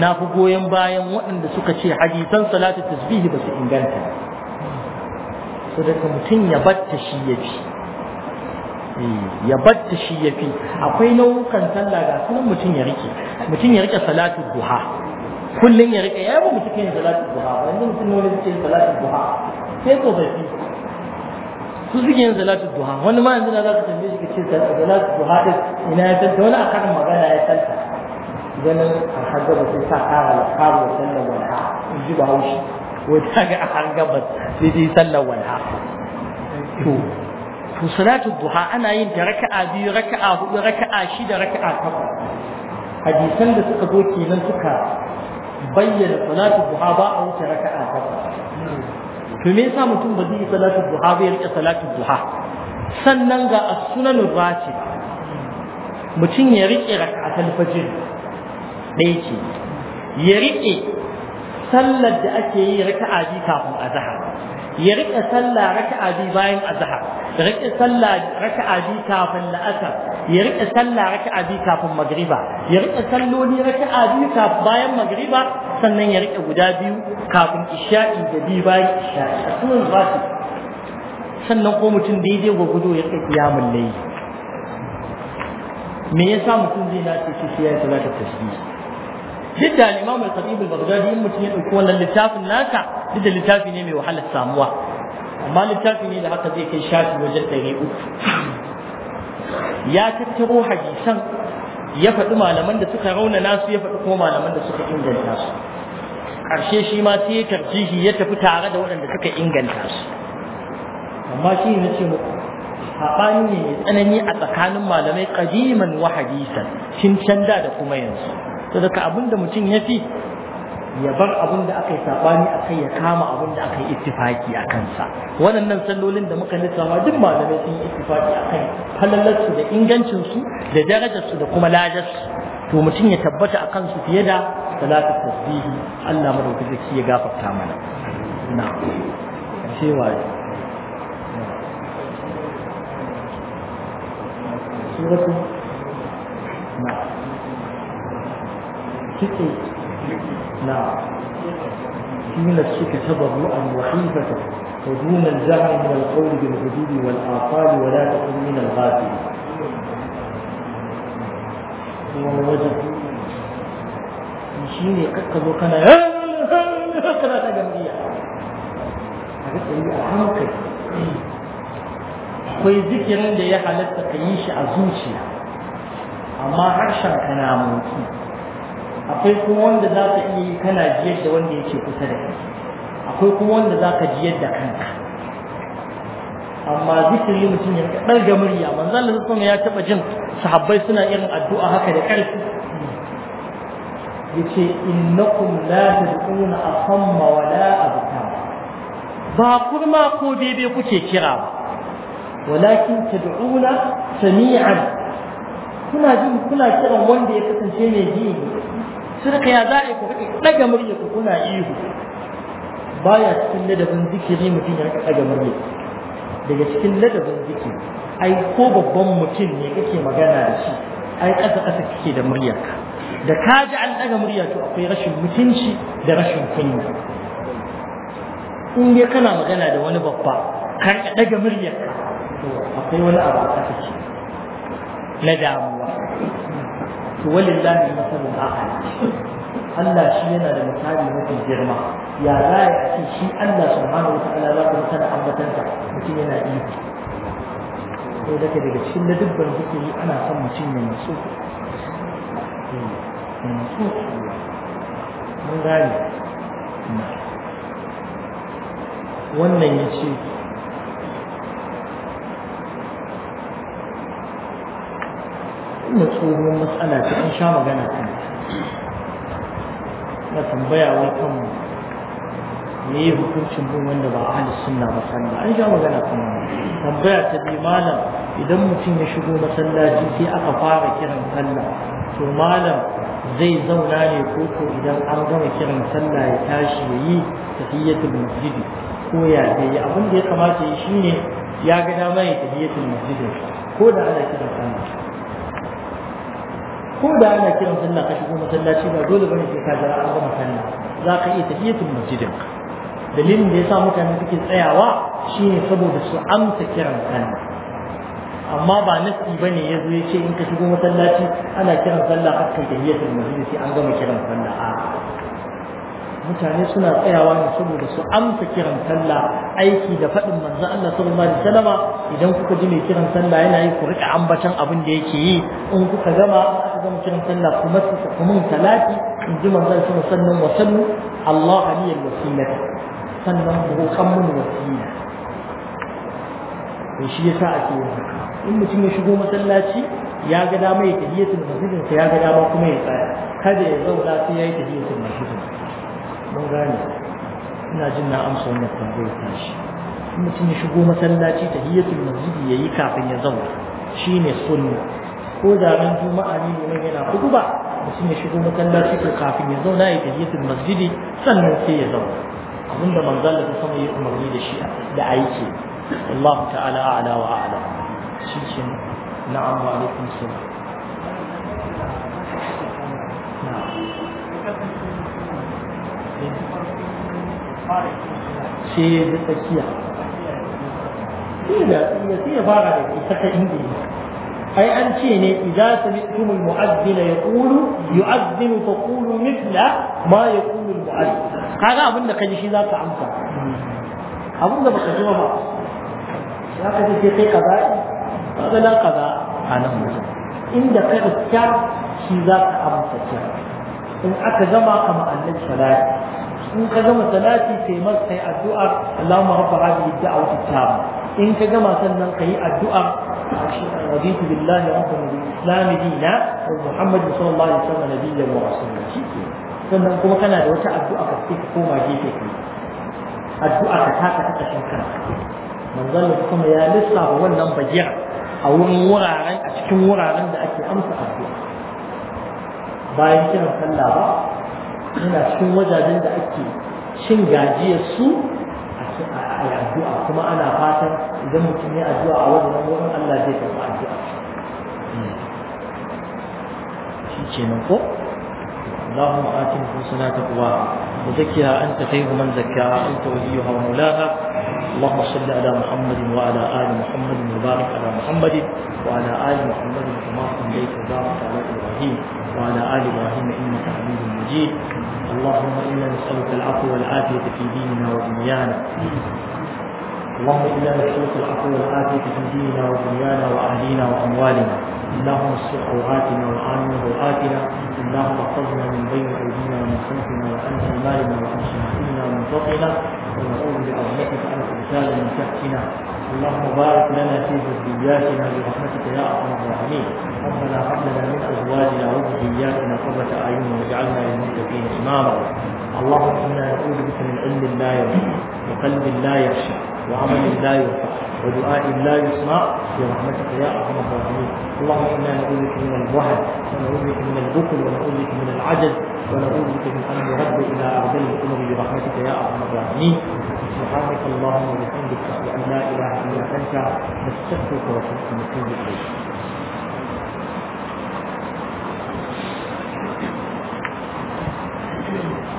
na fi goyon bayan waɗanda suka ce hadisan salatu tasbihi ba su inganta so daga mutum ya batta shi ya fi eh, ya batta shi ya fi akwai nau'ukan sallah ga sunan mutum ya rike mutum ya rike salatu duha kullum ya rike ya yi mutum yin salatu duha wanda mutum ne wani yin salatu duha sai ba tsofaffi su suke yin salatu duha wani ma yanzu na za ka tambaye shi ka ce salatu duha din ina ya santa wani a karin magana ya santa ganin a hajjaba sai sa kara da kawo sallar wata in ji ba haushi ko daga an gabas sai dai sallar walha to to salatu duha ana yin ta raka'a biyu raka'a hudu raka'a shida raka'a takwas hadisan da suka zo kenan suka bayyana salatu duha ba a wuce raka'a takwas to me yasa mutum ba zai yi salatu duha ba ya rike salatu duha sannan ga as-sunanur ratib mutum ya rike raka'atul fajr ɗaya ce ya rike sallar da ake yi raka'a bi kafin azhar ya rika sallah raka'a bi bayan azhar ya rika sallah raka'a bi kafin la'asar ya rika sallah raka'a bi kafin magriba ya rika salloli raka'a bi kafin bayan magriba sannan ya rika guda biyu kafin isha'i da bi bayan isha'i sunan zasu sannan ko mutum daidai gwagwado ya rika kiyamun layi me yasa mutum zai nace shi ya yi salatar tasbih جدا الامام الخطيب البغدادي يمكن ان يكون اللتاف الناكع جدا اللتاف نيمي وحل الساموة ما اللتاف نيمي لها قضية كي شاك وجدت غيبوك يا تكتبو حديثا يفتو ما لمن دا تكرون ناس يفتو ما لمن دا تكرون ناس karshe shi ma sai ya karci shi ya tafi tare da أن suka inganta su amma shi ne ce mu sabani ne tsanani a tsakanin malamai qadiman wa hadisan cin canda da kuma yanzu sadaka da mutum ya fi ya bar abin da aka yi sabani a kai ya kama abin da aka yi ittifaki a kansa waɗannan sallolin da muka lissafa duk malamai sun yi ittifaki a kai falalarsu da ingancinsu da darajarsu da kuma lajarsu to mutum ya tabbata a kansu fiye da salatu tasbihi Allah madauki zaki ya gafarta mana na cewa you. سكي نعم كيل السكي سبب أن وحيفة تدوم الزعم من القول بالحدود والآطال ولا تكون من الغافل هو وجد مشيني قد وقنا يا akwai zikirin da ya halatta ka yi shi a zuciya akwai kuma wanda za ka iya yi kana jiyar da wanda yake kusa da kai akwai kuma wanda za ka jiyar da kanka amma zikiri mutum ya ga murya manzo Allah sun ya taɓa jin sahabbai suna irin addu'a haka da ƙarfi yace innakum la tad'una asamma wala abta ba kurma ko bebe kuke kira ba walakin tad'una sami'an kuna jin kuna kiran wanda ya kasance mai jini. sadaka ya za a yi ku ɗaga murya ku kuna ihu baya cikin ladabin zikiri mutum ya ɗaga murya daga cikin ladabin zikiri ai ko babban mutum ne kake magana da shi ai kasa kasa kike da muryarka da ka ji an ɗaga murya to akwai rashin mutunci da rashin kunya in dai kana magana da wani babba kan ɗaga muryarka to akwai wani abu a ce na damuwa to walillahi masalul a'la Allah shi yana da misali mafi girma ya za ce shi Allah subhanahu wata'ala za ka sana ambatansa mutum yana iya ko daga daga cikin ladubban hukumi ana son mutum ya nutsu hmm. nutsu mun gane hmm. wannan ya ce wannan tsohon matsala ta an sha magana kan na tambaya wa kan me yi hukuncin bin wanda ba ahalus sunna ba ba an sha magana kan tambaya ta bi malam idan mutum ya shigo masallaci sai aka fara kiran sallah to malam zai zauna ne ko ko idan an gama kiran sallah ya tashi ya yi tafiyatul masjidi ko ya dai abin da ya kamata ya shine ya ga dama ya tafiyatul masjidi ko da ana kiran sallah ko da ana kiran sallah ka shigo masallaci ba dole bane sai ka jira an gama sallah za ka iya tafiyatul masjidin dalilin da ya yasa mutane suke tsayawa shi ne saboda su amsa kiran sallah amma ba nasi bane yazo ya ce in ka shigo masallaci ana kiran sallah har kai tahiyatul masjid sai an gama kiran sallah a mutane suna tsayawa ne saboda su amsa kiran sallah aiki da faɗin manzo Allah sallallahu alaihi wasallam idan kuka ji mai kiran sallah yana yi ku rika ambatan abin da yake yi in kuka gama kuka gama kiran sallah kuma su kuma salati in ji manzo sallallahu sannan wa sallu Allah aliyal wasilata sannan ku kan mun wasila to shi yasa ake yin haka in mutum ya shigo masallaci ya ga dama ya tahiyatul masjidin sa ya ga dama kuma ya tsaya kada ya zauna sai ya yi tafiye tahiyatul masjidin mun gane ina jin na amsa wannan tambayar tashi mutum ya shigo masallaci ta hiyatul masjidi yayi kafin ya zauna shine sunna ko da ran juma'a ne ne yana kudu ba mutum ya shigo masallaci ta kafin ya zauna ya tahiyatul masjidi sannan sai ya zauna Abin da manzon da sama yi umarni da shi da aiki Allah ta'ala a'la wa a'la shi na'am wa alaikum salam sai ya ji tsakiya sai da ya sai ya fara da ita ta indiya ai an ce ne idza sami'tum al-mu'adhdhin yaqulu yu'adhdhinu taqulu mithla ma yaqulu al-mu'adhdhin kaga abin da ji shi za ka amsa abin da baka ji ba za ka ji sai kaza kaga la kaza a nan mutum inda ka riska shi za ka amsa kira in aka gama kama annabi salati in ka gama salati sai mar kai addu'a Allahumma rabba hadhihi ad-da'wati tamma in ka gama sannan kai addu'a raditu billahi rabban bil islam dina wa muhammad sallallahu alaihi wasallam nabiyyan wa rasulun sannan kuma kana da wata addu'a ka sai ka koma gefe kai addu'a ka taka ta kashin kanka manzon kuma ya lissafa wannan bajiya a wurin wuraren a cikin wuraren da ake amsa addu'a bayan kiran sallah ba yana cikin wajajen da ake cin gajiyar su a addu'a kuma ana fatan idan mutum ya addu'a a wannan wurin Allah zai karɓi addu'a shi kenan ko اللهم آتهم حسنى تقواها وزكها أنت خير من زكاها أنت وليها ومولاها اللهم صل على محمد وعلى آل محمد وبارك على محمد وعلى آل محمد كما صليت وبارك على إبراهيم وعلى آل إبراهيم إنك حميد مجيد اللهم إنا نسألك العفو والعافية في ديننا ودنيانا اللهم إنا نسألك العفو والعافية في ديننا ودنيانا وأهلينا وأموالنا اللهم اصلح اوقاتنا وآمن روآتنا اللهم احفظنا من بين أيدينا ومن خلفنا وعن مالنا وعن شمائلنا ومن فوقنا ونعوذ بعظمتك أن تغتال من تحتنا اللهم بارك لنا في ذرياتنا برحمتك يا ارحم الراحمين ربنا هب لنا من ازواجنا وذرياتنا قرة اعين واجعلنا للمتقين اماما اللهم انا نعوذ بك من علم لا ينفع وقلب لا يخشى وعمل لا ينفع ودعاء لا يسمع برحمتك يا ارحم الراحمين اللهم انا نعوذ بك من الوهن ونعوذ بك من البخل ونعوذ بك من العجز ونعوذ بك من أن يرد إلى أرضي الأمر برحمتك يا أرحم الراحمين سبحانك اللهم وبحمدك أشهد أن لا إله إلا أنت نستغفرك ونتوب إليك Thank you.